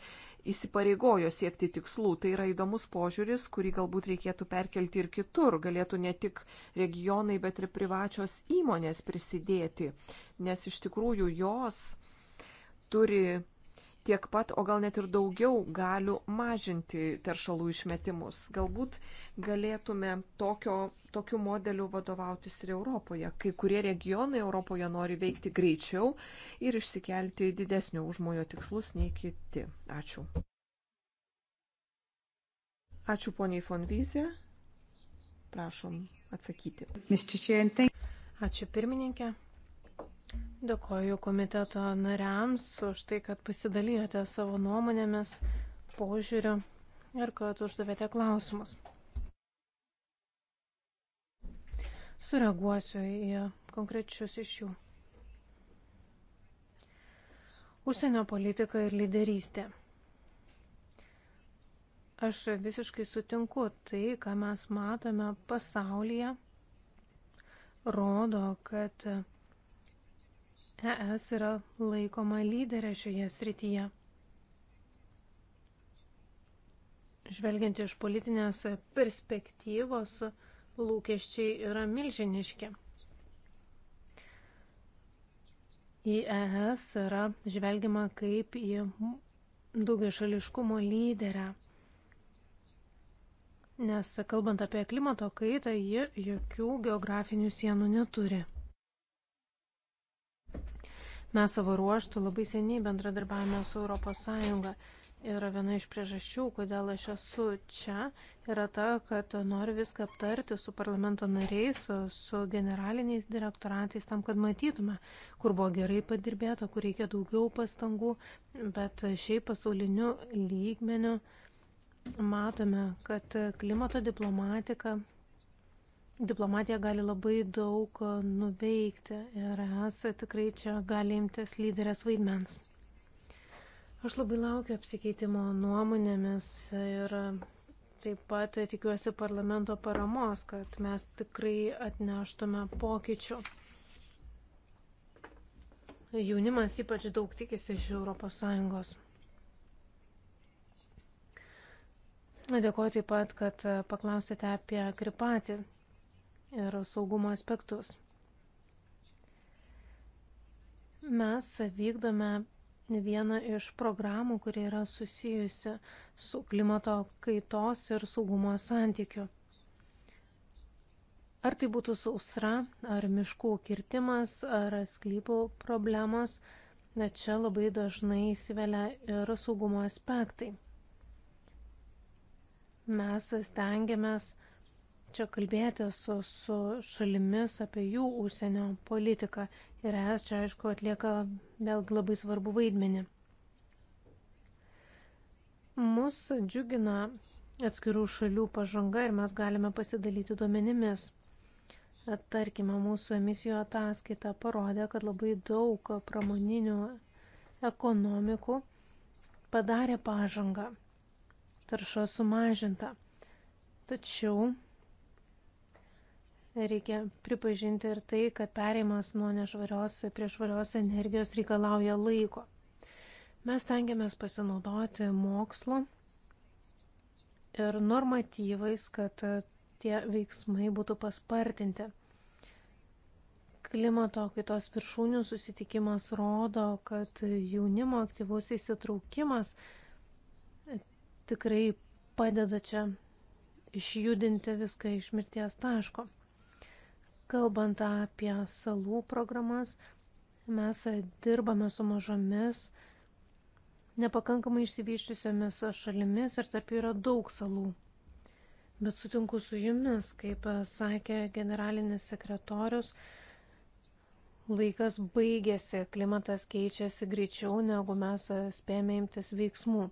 įsipareigojo siekti tikslų. Tai yra įdomus požiūris, kurį galbūt reikėtų perkelti ir kitur. Galėtų ne tik regionai, bet ir privačios įmonės prisidėti, nes iš tikrųjų jos turi tiek pat, o gal net ir daugiau galių mažinti teršalų išmetimus. Galbūt galėtume tokio, tokiu modeliu vadovautis ir Europoje. Kai kurie regionai Europoje nori veikti greičiau ir išsikelti didesnio užmojo tikslus nei kiti. Ačiū. Ačiū poniai Fonvizė. Prašom atsakyti. Ačiū pirmininkė. Dėkoju komiteto nariams už tai, kad pasidalijote savo nuomonėmis, požiūriu ir kad uždavėte klausimus. Sureaguosiu į konkrečius iš jų. Užsienio politika ir lyderystė. Aš visiškai sutinku, tai, ką mes matome pasaulyje, rodo, kad ES yra laikoma lyderė šioje srityje. Žvelgiant iš politinės perspektyvos, lūkesčiai yra milžiniški. Į ES yra žvelgiama kaip į daugiašališkumo lyderę. Nes kalbant apie klimato kaitą, ji jokių geografinių sienų neturi. Mes savo ruoštų labai seniai bendradarbiavame su ES. Ir viena iš priežasčių, kodėl aš esu čia, yra ta, kad noriu viską aptarti su parlamento nariais, su generaliniais direktoratais, tam, kad matytume, kur buvo gerai padirbėta, kur reikia daugiau pastangų, bet šiaip pasauliniu lygmeniu matome, kad klimato diplomatika diplomatija gali labai daug e, nuveikti ir ES tikrai čia gali imtis lyderės vaidmens. Aš labai laukiu apsikeitimo nuomonėmis ir taip pat tikiuosi parlamento paramos, kad mes tikrai atneštume pokyčių. Jaunimas ypač daug tikisi iš ES. Dėkuoju taip pat, kad paklausėte apie gripatį ir saugumo aspektus. Mes vykdome vieną iš programų, kuri yra susijusi su klimato kaitos ir saugumo santykiu. Ar tai būtų sausra, ar miškų kirtimas, ar sklypų problemos, na čia labai dažnai įsivelia ir saugumo aspektai. Mes stengiamės čia kalbėti su, su šalimis apie jų užsienio politiką. Ir es čia, aišku, atlieka vėlgi labai svarbu vaidmenį. Mus džiugina atskirų šalių pažanga ir mes galime pasidalyti duomenimis. Tarkime, mūsų emisijų ataskaita parodė, kad labai daug pramoninių ekonomikų padarė pažangą. Tarša sumažinta. Tačiau Reikia pripažinti ir tai, kad pereimas nuo nešvarios prie švarios energijos reikalauja laiko. Mes tengiamės pasinaudoti mokslu ir normatyvais, kad tie veiksmai būtų paspartinti. Klimato kaitos viršūnių susitikimas rodo, kad jaunimo aktyvus įsitraukimas tikrai padeda čia išjudinti viską iš mirties taško. Kalbant apie salų programas, mes dirbame su mažomis, nepakankamai išsivyščiusiomis šalimis ir tarp yra daug salų. Bet sutinku su jumis, kaip sakė generalinis sekretorius, laikas baigėsi, klimatas keičiasi greičiau, negu mes spėjame imtis veiksmų.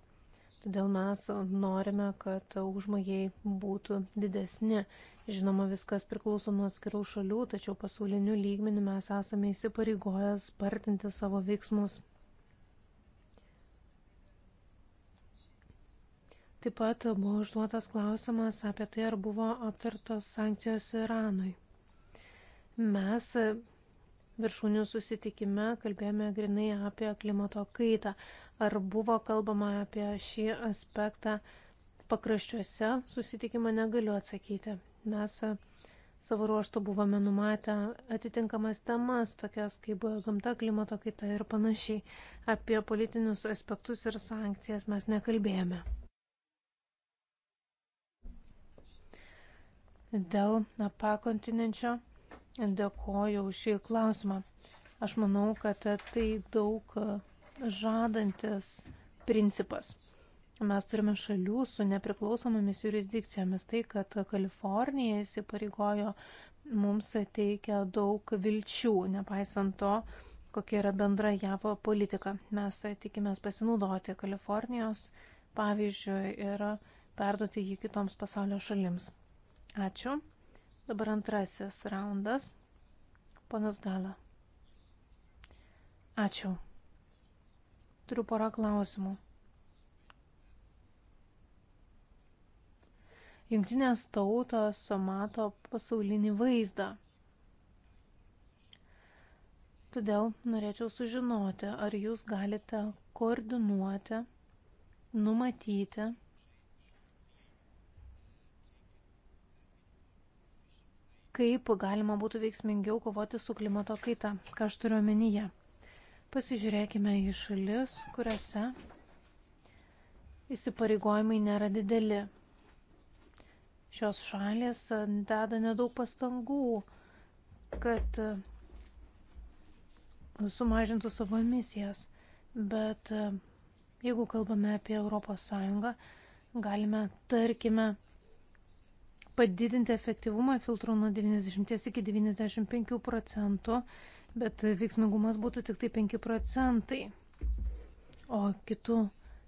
Todėl mes norime, kad užmojai būtų didesni Žinoma, viskas priklauso nuo atskirų šalių, tačiau pasauliniu lygmeniu mes esame įsipareigoję spartinti savo veiksmus. Taip pat buvo užduotas klausimas apie tai, ar buvo aptartos sankcijos Iranui. Mes viršūnių susitikime kalbėjome grinai apie klimato kaitą. Ar buvo kalbama apie šį aspektą pakraščiuose, susitikimą negaliu atsakyti. Mes e, savo ruoštų buvome numatę atitinkamas temas, tokias kaip gamta, klimato kaita ir panašiai. Apie politinius aspektus ir sankcijas mes nekalbėjome. Dėl pakontinenčio dėkoju už šį klausimą. Aš manau, kad tai daug žadantis principas. Mes turime šalių su nepriklausomomis jurisdikcijomis. Tai, kad Kalifornija įsipareigojo, mums teikia daug vilčių, nepaisant to, kokia yra bendra JAV politika. Mes tikimės pasinaudoti Kalifornijos pavyzdžių ir perduoti jį kitoms pasaulio šalims. Ačiū. Dabar antrasis raundas. Ponas Gala. Ačiū. Turiu porą klausimų. Jungtinės tautos mato pasaulinį vaizdą. Todėl norėčiau sužinoti, ar jūs galite koordinuoti, numatyti kaip galima būtų veiksmingiau kovoti su klimato kaita, ką aš turiu omenyje. Pasižiūrėkime į šalis, kuriuose įsipareigojimai nėra dideli Šios šalės e, deda nedaug pastangų, kad e, sumažintų savo emisijas. Bet e, jeigu kalbame apie ES, galime, tarkime, padidinti efektyvumą filtrų nuo 90 iki 95 procentų, bet veiksmingumas būtų tik tai 5 procentai. O kitų,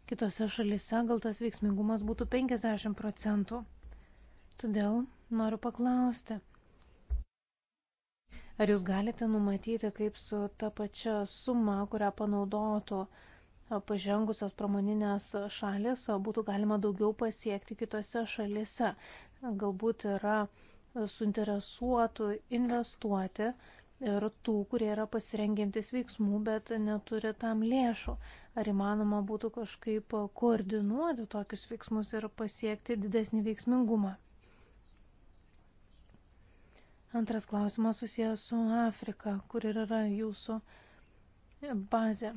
kitose šalise gal tas veiksmingumas būtų 50 procentų. Todėl noriu paklausti, ar jūs galite numatyti, kaip su ta pačia suma, kurią panaudotų pažengusios pramoninės šalis būtų galima daugiau pasiekti kitose šalise. Galbūt yra suinteresuotų investuoti ir tų, kurie yra pasirengimtis veiksmų, bet neturi tam lėšų. Ar įmanoma būtų kažkaip koordinuoti tokius veiksmus ir pasiekti didesnį veiksmingumą? Antras klausimas susijęs su Afrika, kur ir yra jūsų bazė.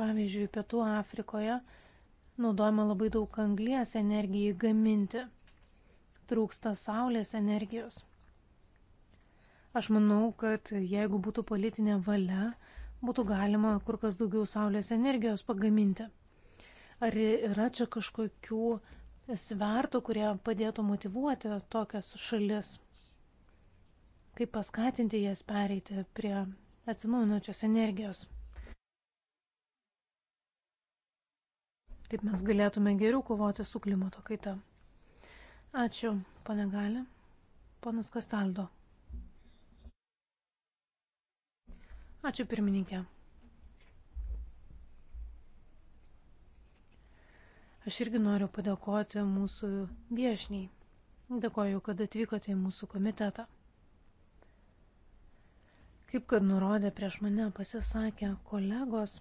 Pavyzdžiui, Pietų Afrikoje naudojama labai daug anglies energijai gaminti. Trūksta saulės energijos. Aš manau, kad jeigu būtų politinė valia, būtų galima kur kas daugiau saulės energijos pagaminti. Ar yra čia kažkokių svertų, kurie padėtų motivuoti tokias šalis, kaip paskatinti jas pereiti prie atsinaujinančios energijos. Taip mes galėtume geriau kovoti su klimato kaita. Ačiū, pane Gali. Ponas Kastaldo. Ačiū, pirmininkė. Aš irgi noriu padėkoti mūsų viešniai. Dėkoju, kad atvykote į mūsų komitetą. Kaip kad nurodė prieš mane pasisakę kolegos,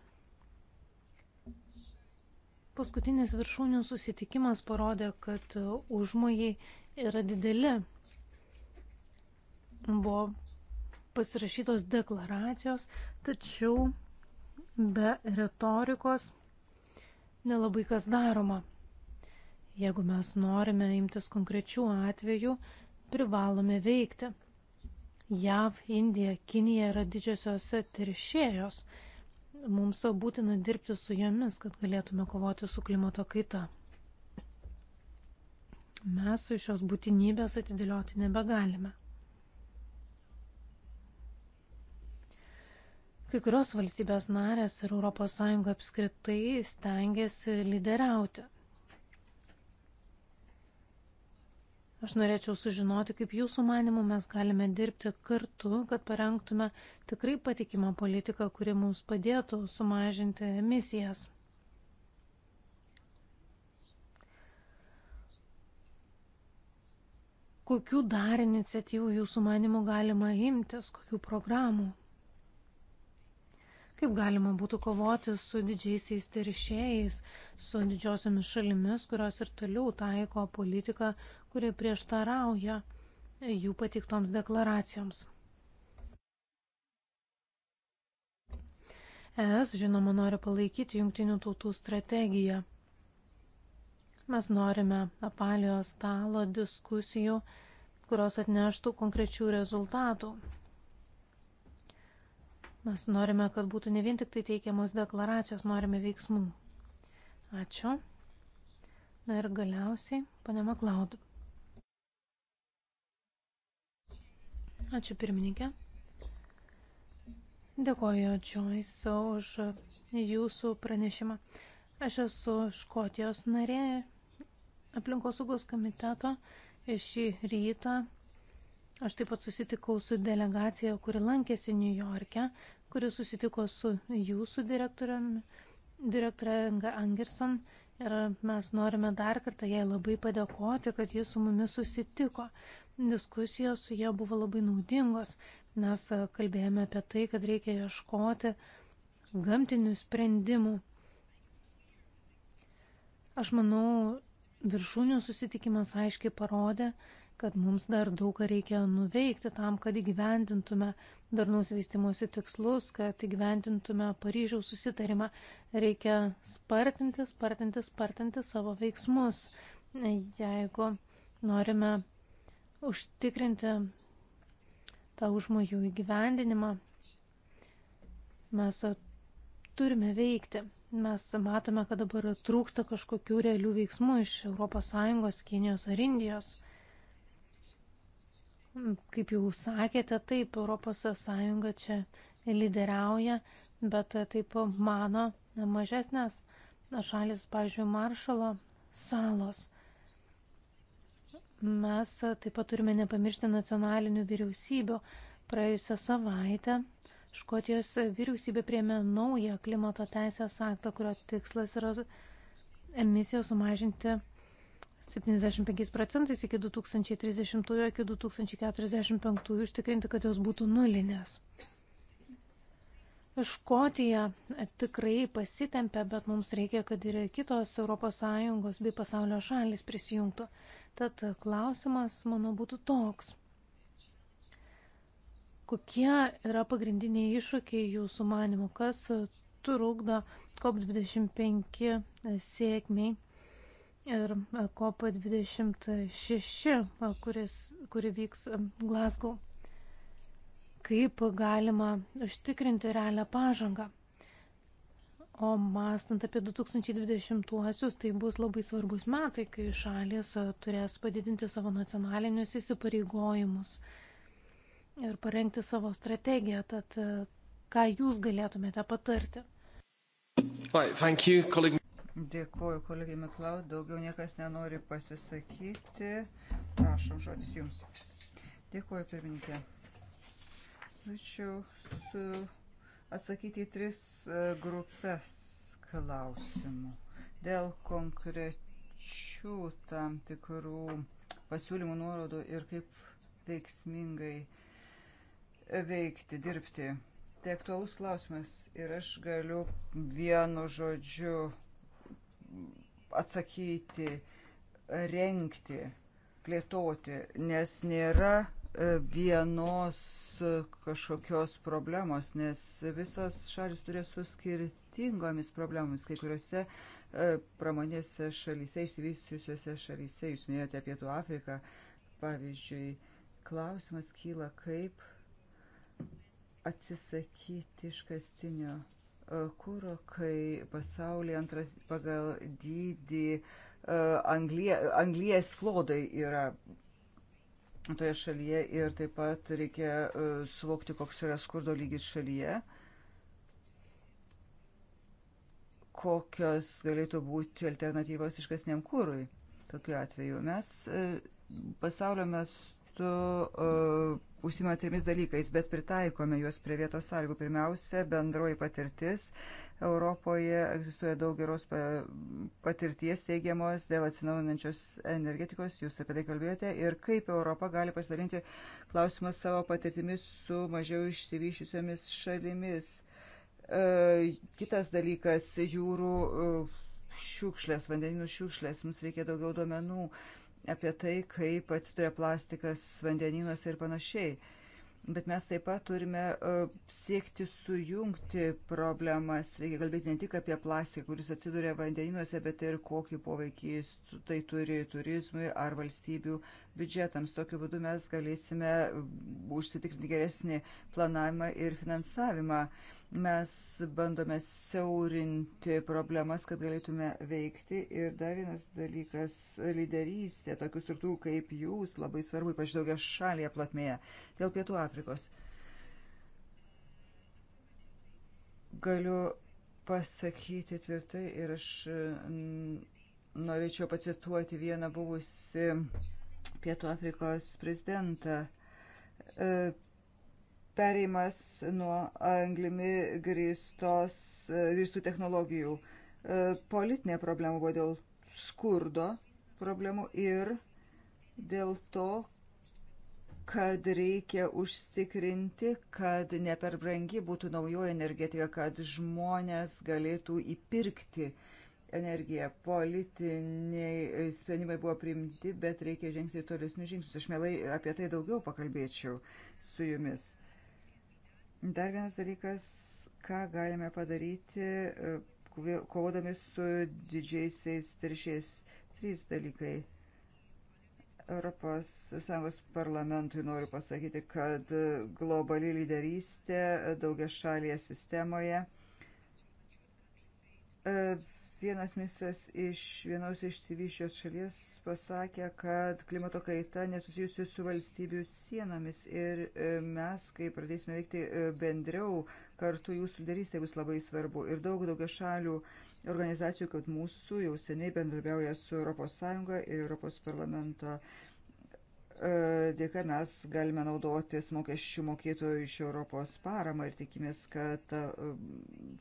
paskutinis viršūnių susitikimas parodė, kad užmojai yra dideli. Buvo pasirašytos deklaracijos, tačiau be retorikos nelabai kas daroma. Jeigu mes norime imtis konkrečių atvejų, privalome veikti. JAV, Indija, Kinija yra didžiosios teršėjos. Mums būtina dirbti su jomis, kad galėtume kovoti su klimato kaita. Mes iš šios būtinybės atidėlioti nebegalime. Kai kurios valstybės narės ir ES apskritai stengiasi lyderiauti. Aš norėčiau sužinoti, kaip jūsų manimu mes galime dirbti kartu, kad parengtume tikrai patikimą politiką, kuri mums padėtų sumažinti emisijas. Kokių dar iniciatyvų jūsų manimu galima imtis, kokių programų? kaip galima būtų kovoti su didžiaisiais teršėjais, su didžiosiomis šalimis, kurios ir toliau taiko politiką, kuri prieštarauja jų patiktoms deklaracijoms. ES, žinoma, nori palaikyti jungtinių tautų strategiją. Mes norime apalio stalo diskusijų, kurios atneštų konkrečių rezultatų, Mes norime, kad būtų ne vien tik tai teikiamos deklaracijos, norime veiksmų. Ačiū. Na ir galiausiai, pane Maklaudu. Ačiū pirmininkė. Dėkoju, Joyce, už jūsų pranešimą. Aš esu Škotijos narė aplinkosaugos komiteto. Šį rytą Aš taip pat susitikau su delegacija, kuri lankėsi New York'e, kuri susitiko su jūsų direktoriumi, direktorė Inga Angerson. Ir mes norime dar kartą jai labai padėkoti, kad jis su mumis susitiko. Diskusijos su jie buvo labai naudingos. Mes kalbėjome apie tai, kad reikia ieškoti gamtinių sprendimų. Aš manau, viršūnių susitikimas aiškiai parodė, kad mums dar daug ką reikia nuveikti tam, kad įgyvendintume darnaus vystimosi tikslus, kad įgyvendintume Paryžiaus susitarimą. Reikia spartinti, spartinti, spartinti savo veiksmus, jeigu norime užtikrinti tą užmojų įgyvendinimą. Mes turime veikti. Mes matome, kad dabar trūksta kažkokių realių veiksmų iš ES, Kinijos ar Indijos. Mm, kaip jau sakėte, taip, ES čia lyderiauja, bet taip mano mažesnės šalis, pavyzdžiui, Maršalo salos. Mes taip pat turime nepamiršti nacionalinių vyriausybių. Praėjusią savaitę Škotijos vyriausybė priemė naują klimato teisės aktą, kurio tikslas yra emisijos sumažinti 75 procentais iki 2030, iki 2045 užtikrinti, kad jos būtų nulinės. Škotija tikrai pasitempė, bet mums reikia, kad ir kitos ES bei pasaulio šalis prisijungtų. Tad klausimas, mano, būtų toks. Kokie yra pagrindiniai iššūkiai jūsų manimu, kas trukdo COP25 sėkmiai ir e, COP26, e, kuris, kuri vyks e, Glasgow. Kaip galima užtikrinti realią pažangą? O mąstant apie 2020-uosius, tai bus labai svarbus metai, kai šalis turės padidinti savo nacionalinius įsipareigojimus ir parengti savo strategiją. Tad ką jūs galėtumėte patarti? Right, thank you, colleague. Dėkuoju kolegai Miklau, daugiau niekas nenori pasisakyti. Prašom, žodis jums. Dėkuoju, pirmininkė. Norėčiau su atsakyti į tris e, grupės klausimų. Dėl konkrečių tam tikrų pasiūlymų nuorodų ir kaip veiksmingai veikti, dirbti. Tai aktualus klausimas ir aš galiu vienu žodžiu atsakyti, renkti, plėtoti, nes nėra e, vienos e, kažkokios problemos, nes visos šalis turės su skirtingomis problemomis. Kai kuriuose e, pramonėse šalyse, išsivystysiuose šalyse, jūs minėjote Pietų Afriką, pavyzdžiui, klausimas kyla, kaip atsisakyti iškastinio kūro, kai pasaulyje antras pagal dydį e, anglie, anglies klodai yra toje šalyje ir taip pat reikia e, suvokti, koks yra skurdo lygis šalyje, kokios galėtų būti alternatyvos iškasniam kūrui. Tokiu atveju mes e, pasaulio mes metu uh, e, užsima trimis dalykais, bet pritaikome juos prie vietos sąlygų. Pirmiausia, bendroji patirtis. Europoje egzistuoja daug geros patirties teigiamos dėl atsinaujinančios energetikos, jūs apie tai kalbėjote, ir kaip Europa gali pasidalinti klausimą savo patirtimis su mažiau išsivyšiusiomis šalimis. Uh, kitas dalykas - jūrų uh, šiukšlės, vandeninų šiukšlės, mums reikia daugiau duomenų. Uh, apie tai, kaip atsiduria plastikas vandeninuose ir panašiai. Bet mes taip pat turime e, siekti sujungti problemas. Reikia kalbėti ne tik apie plastiką, kuris atsiduria vandeninuose, bet ir kokį poveikį tai turi turizmui ar valstybių biudžetams. Tokiu būdu mes galėsime užsitikrinti geresnį planavimą ir finansavimą. Mes bandome siaurinti problemas, kad galėtume veikti. Ir dar vienas dalykas - lyderystė tokių struktūrų kaip jūs labai svarbu, ypač daugia šalyje platmėje dėl Pietų Afrikos. Galiu pasakyti tvirtai ir aš mm, norėčiau pacituoti vieną buvusi Pietų Afrikos prezidentą. E, Pereimas nuo anglimi grįstos, e, grįstų technologijų. E, politinė problema buvo dėl skurdo problemų ir dėl to, kad reikia užtikrinti, kad ne per brangi būtų naujoji energetika, kad žmonės galėtų įpirkti uh, energiją. Politiniai e, sprendimai buvo priimti, bet reikia žengti tolesnius žingsnius. Aš mielai apie tai daugiau pakalbėčiau su jumis. Dar vienas dalykas, ką galime padaryti, e, kovodami su didžiaisiais teršiais. Trys dalykai. Europos Sąjungos parlamentui noriu pasakyti, kad globali lyderystė daugia šalėje sistemoje e, Vienas ministras iš vienos išsivyščios šalies pasakė, kad klimato kaita nesusijusi su valstybių sienomis ir e, mes, kai pradėsime veikti e, bendriau, kartu jūsų darystė bus labai svarbu. Ir daug daugia šalių organizacijų, kad mūsų jau seniai bendrabiauja su ES ir ES parlamento e, dėka mes galime naudotis mokesčių mokėtojų iš Europos paramą ir tikimės, kad,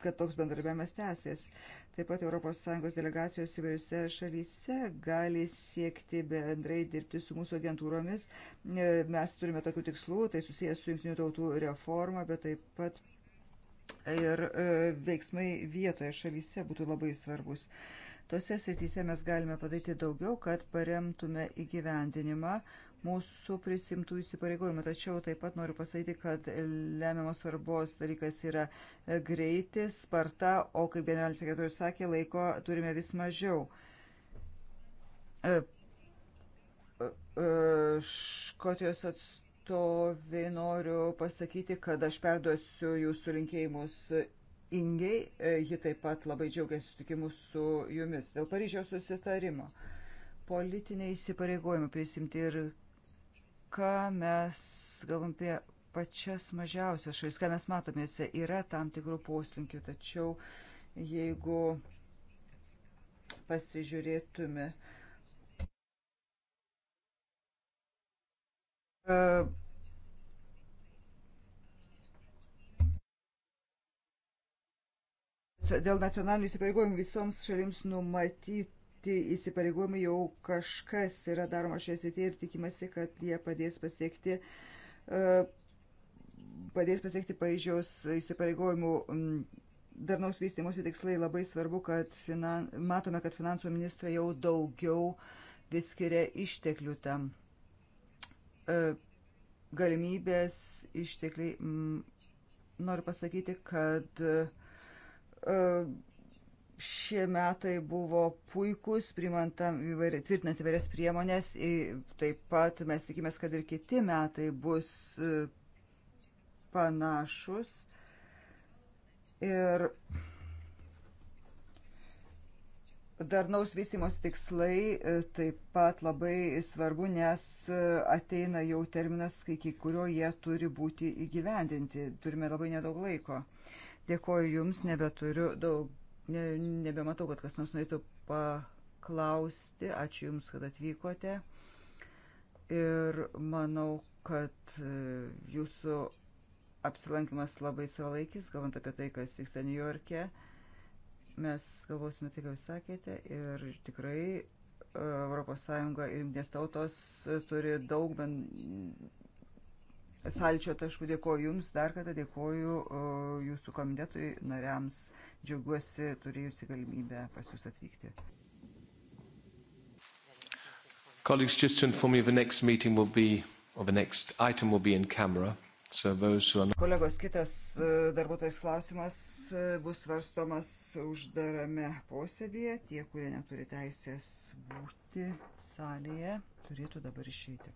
kad toks bendarbiavimas tęsės. Taip pat ES delegacijos įvairiose šalyse gali siekti bendrai dirbti su mūsų agentūromis. E, mes turime tokių tikslų, tai susijęs su jungtinių tautų reforma, bet taip pat ir e, veiksmai vietoje šalyse būtų labai svarbus. Tose srityse mes galime padaryti daugiau, kad paremtume įgyvendinimą, mūsų prisimtų įsipareigojimų. Tačiau taip pat noriu pasakyti, kad lemiamos svarbos dalykas yra greitis, sparta, o kaip generalinis sekretorius sakė, laiko turime vis mažiau. E, e, e, Škotijos atstovai noriu pasakyti, kad aš perduosiu jūsų linkėjimus Ingiai, ji taip pat labai džiaugiasi sutikimu su jumis dėl Paryžiaus susitarimo. Politiniai įsipareigojimai prisimti ir ką mes galvom apie pačias mažiausias šalis, ką mes matome, yra tam tikrų poslinkių, tačiau jeigu pasižiūrėtume uh, dėl nacionalinių įsipareigojimų visoms šalims numatyti prisiimti įsipareigojimai jau kažkas yra daroma šioje srityje ir tikimasi, kad jie padės pasiekti, e, padės pasiekti Paryžiaus įsipareigojimų. Darnaus vystimosi tikslai labai svarbu, kad finan, matome, kad finansų ministra jau daugiau vis skiria išteklių tam. E, galimybės ištekliai. Noriu pasakyti, kad e, šie metai buvo puikūs, įvairi, tvirtinant įvairias priemonės. Taip pat mes tikimės, kad ir kiti metai bus e, panašus. Ir darnaus vysimos tikslai e, taip pat labai svarbu, nes e, ateina jau terminas, iki kurio jie turi būti įgyvendinti. Turime labai nedaug laiko. Dėkoju Jums, nebeturiu daug Ne, nebematau, kad kas nors norėtų paklausti. Ačiū Jums, kad atvykote. Ir manau, kad e, Jūsų apsilankimas labai savalaikis, galvant apie tai, kas vyksta New York'e. Mes galvosime tai, ką Jūs sakėte. Ir tikrai ES ir Junktinės tautos e, turi daug bendrų salčio taškų. Dėkoju Jums dar kartą, dėkoju Jūsų komitetui nariams. Džiaugiuosi turėjusi galimybę pas Jūs atvykti. Colleagues, just to inform you, the next meeting will be, or the next item will be in camera. So those who are not... Kolegos, kitas e, darbuotojas klausimas e, bus svarstomas uždarame posėdėje. Tie, kurie neturi teisės būti salėje, turėtų dabar išeiti.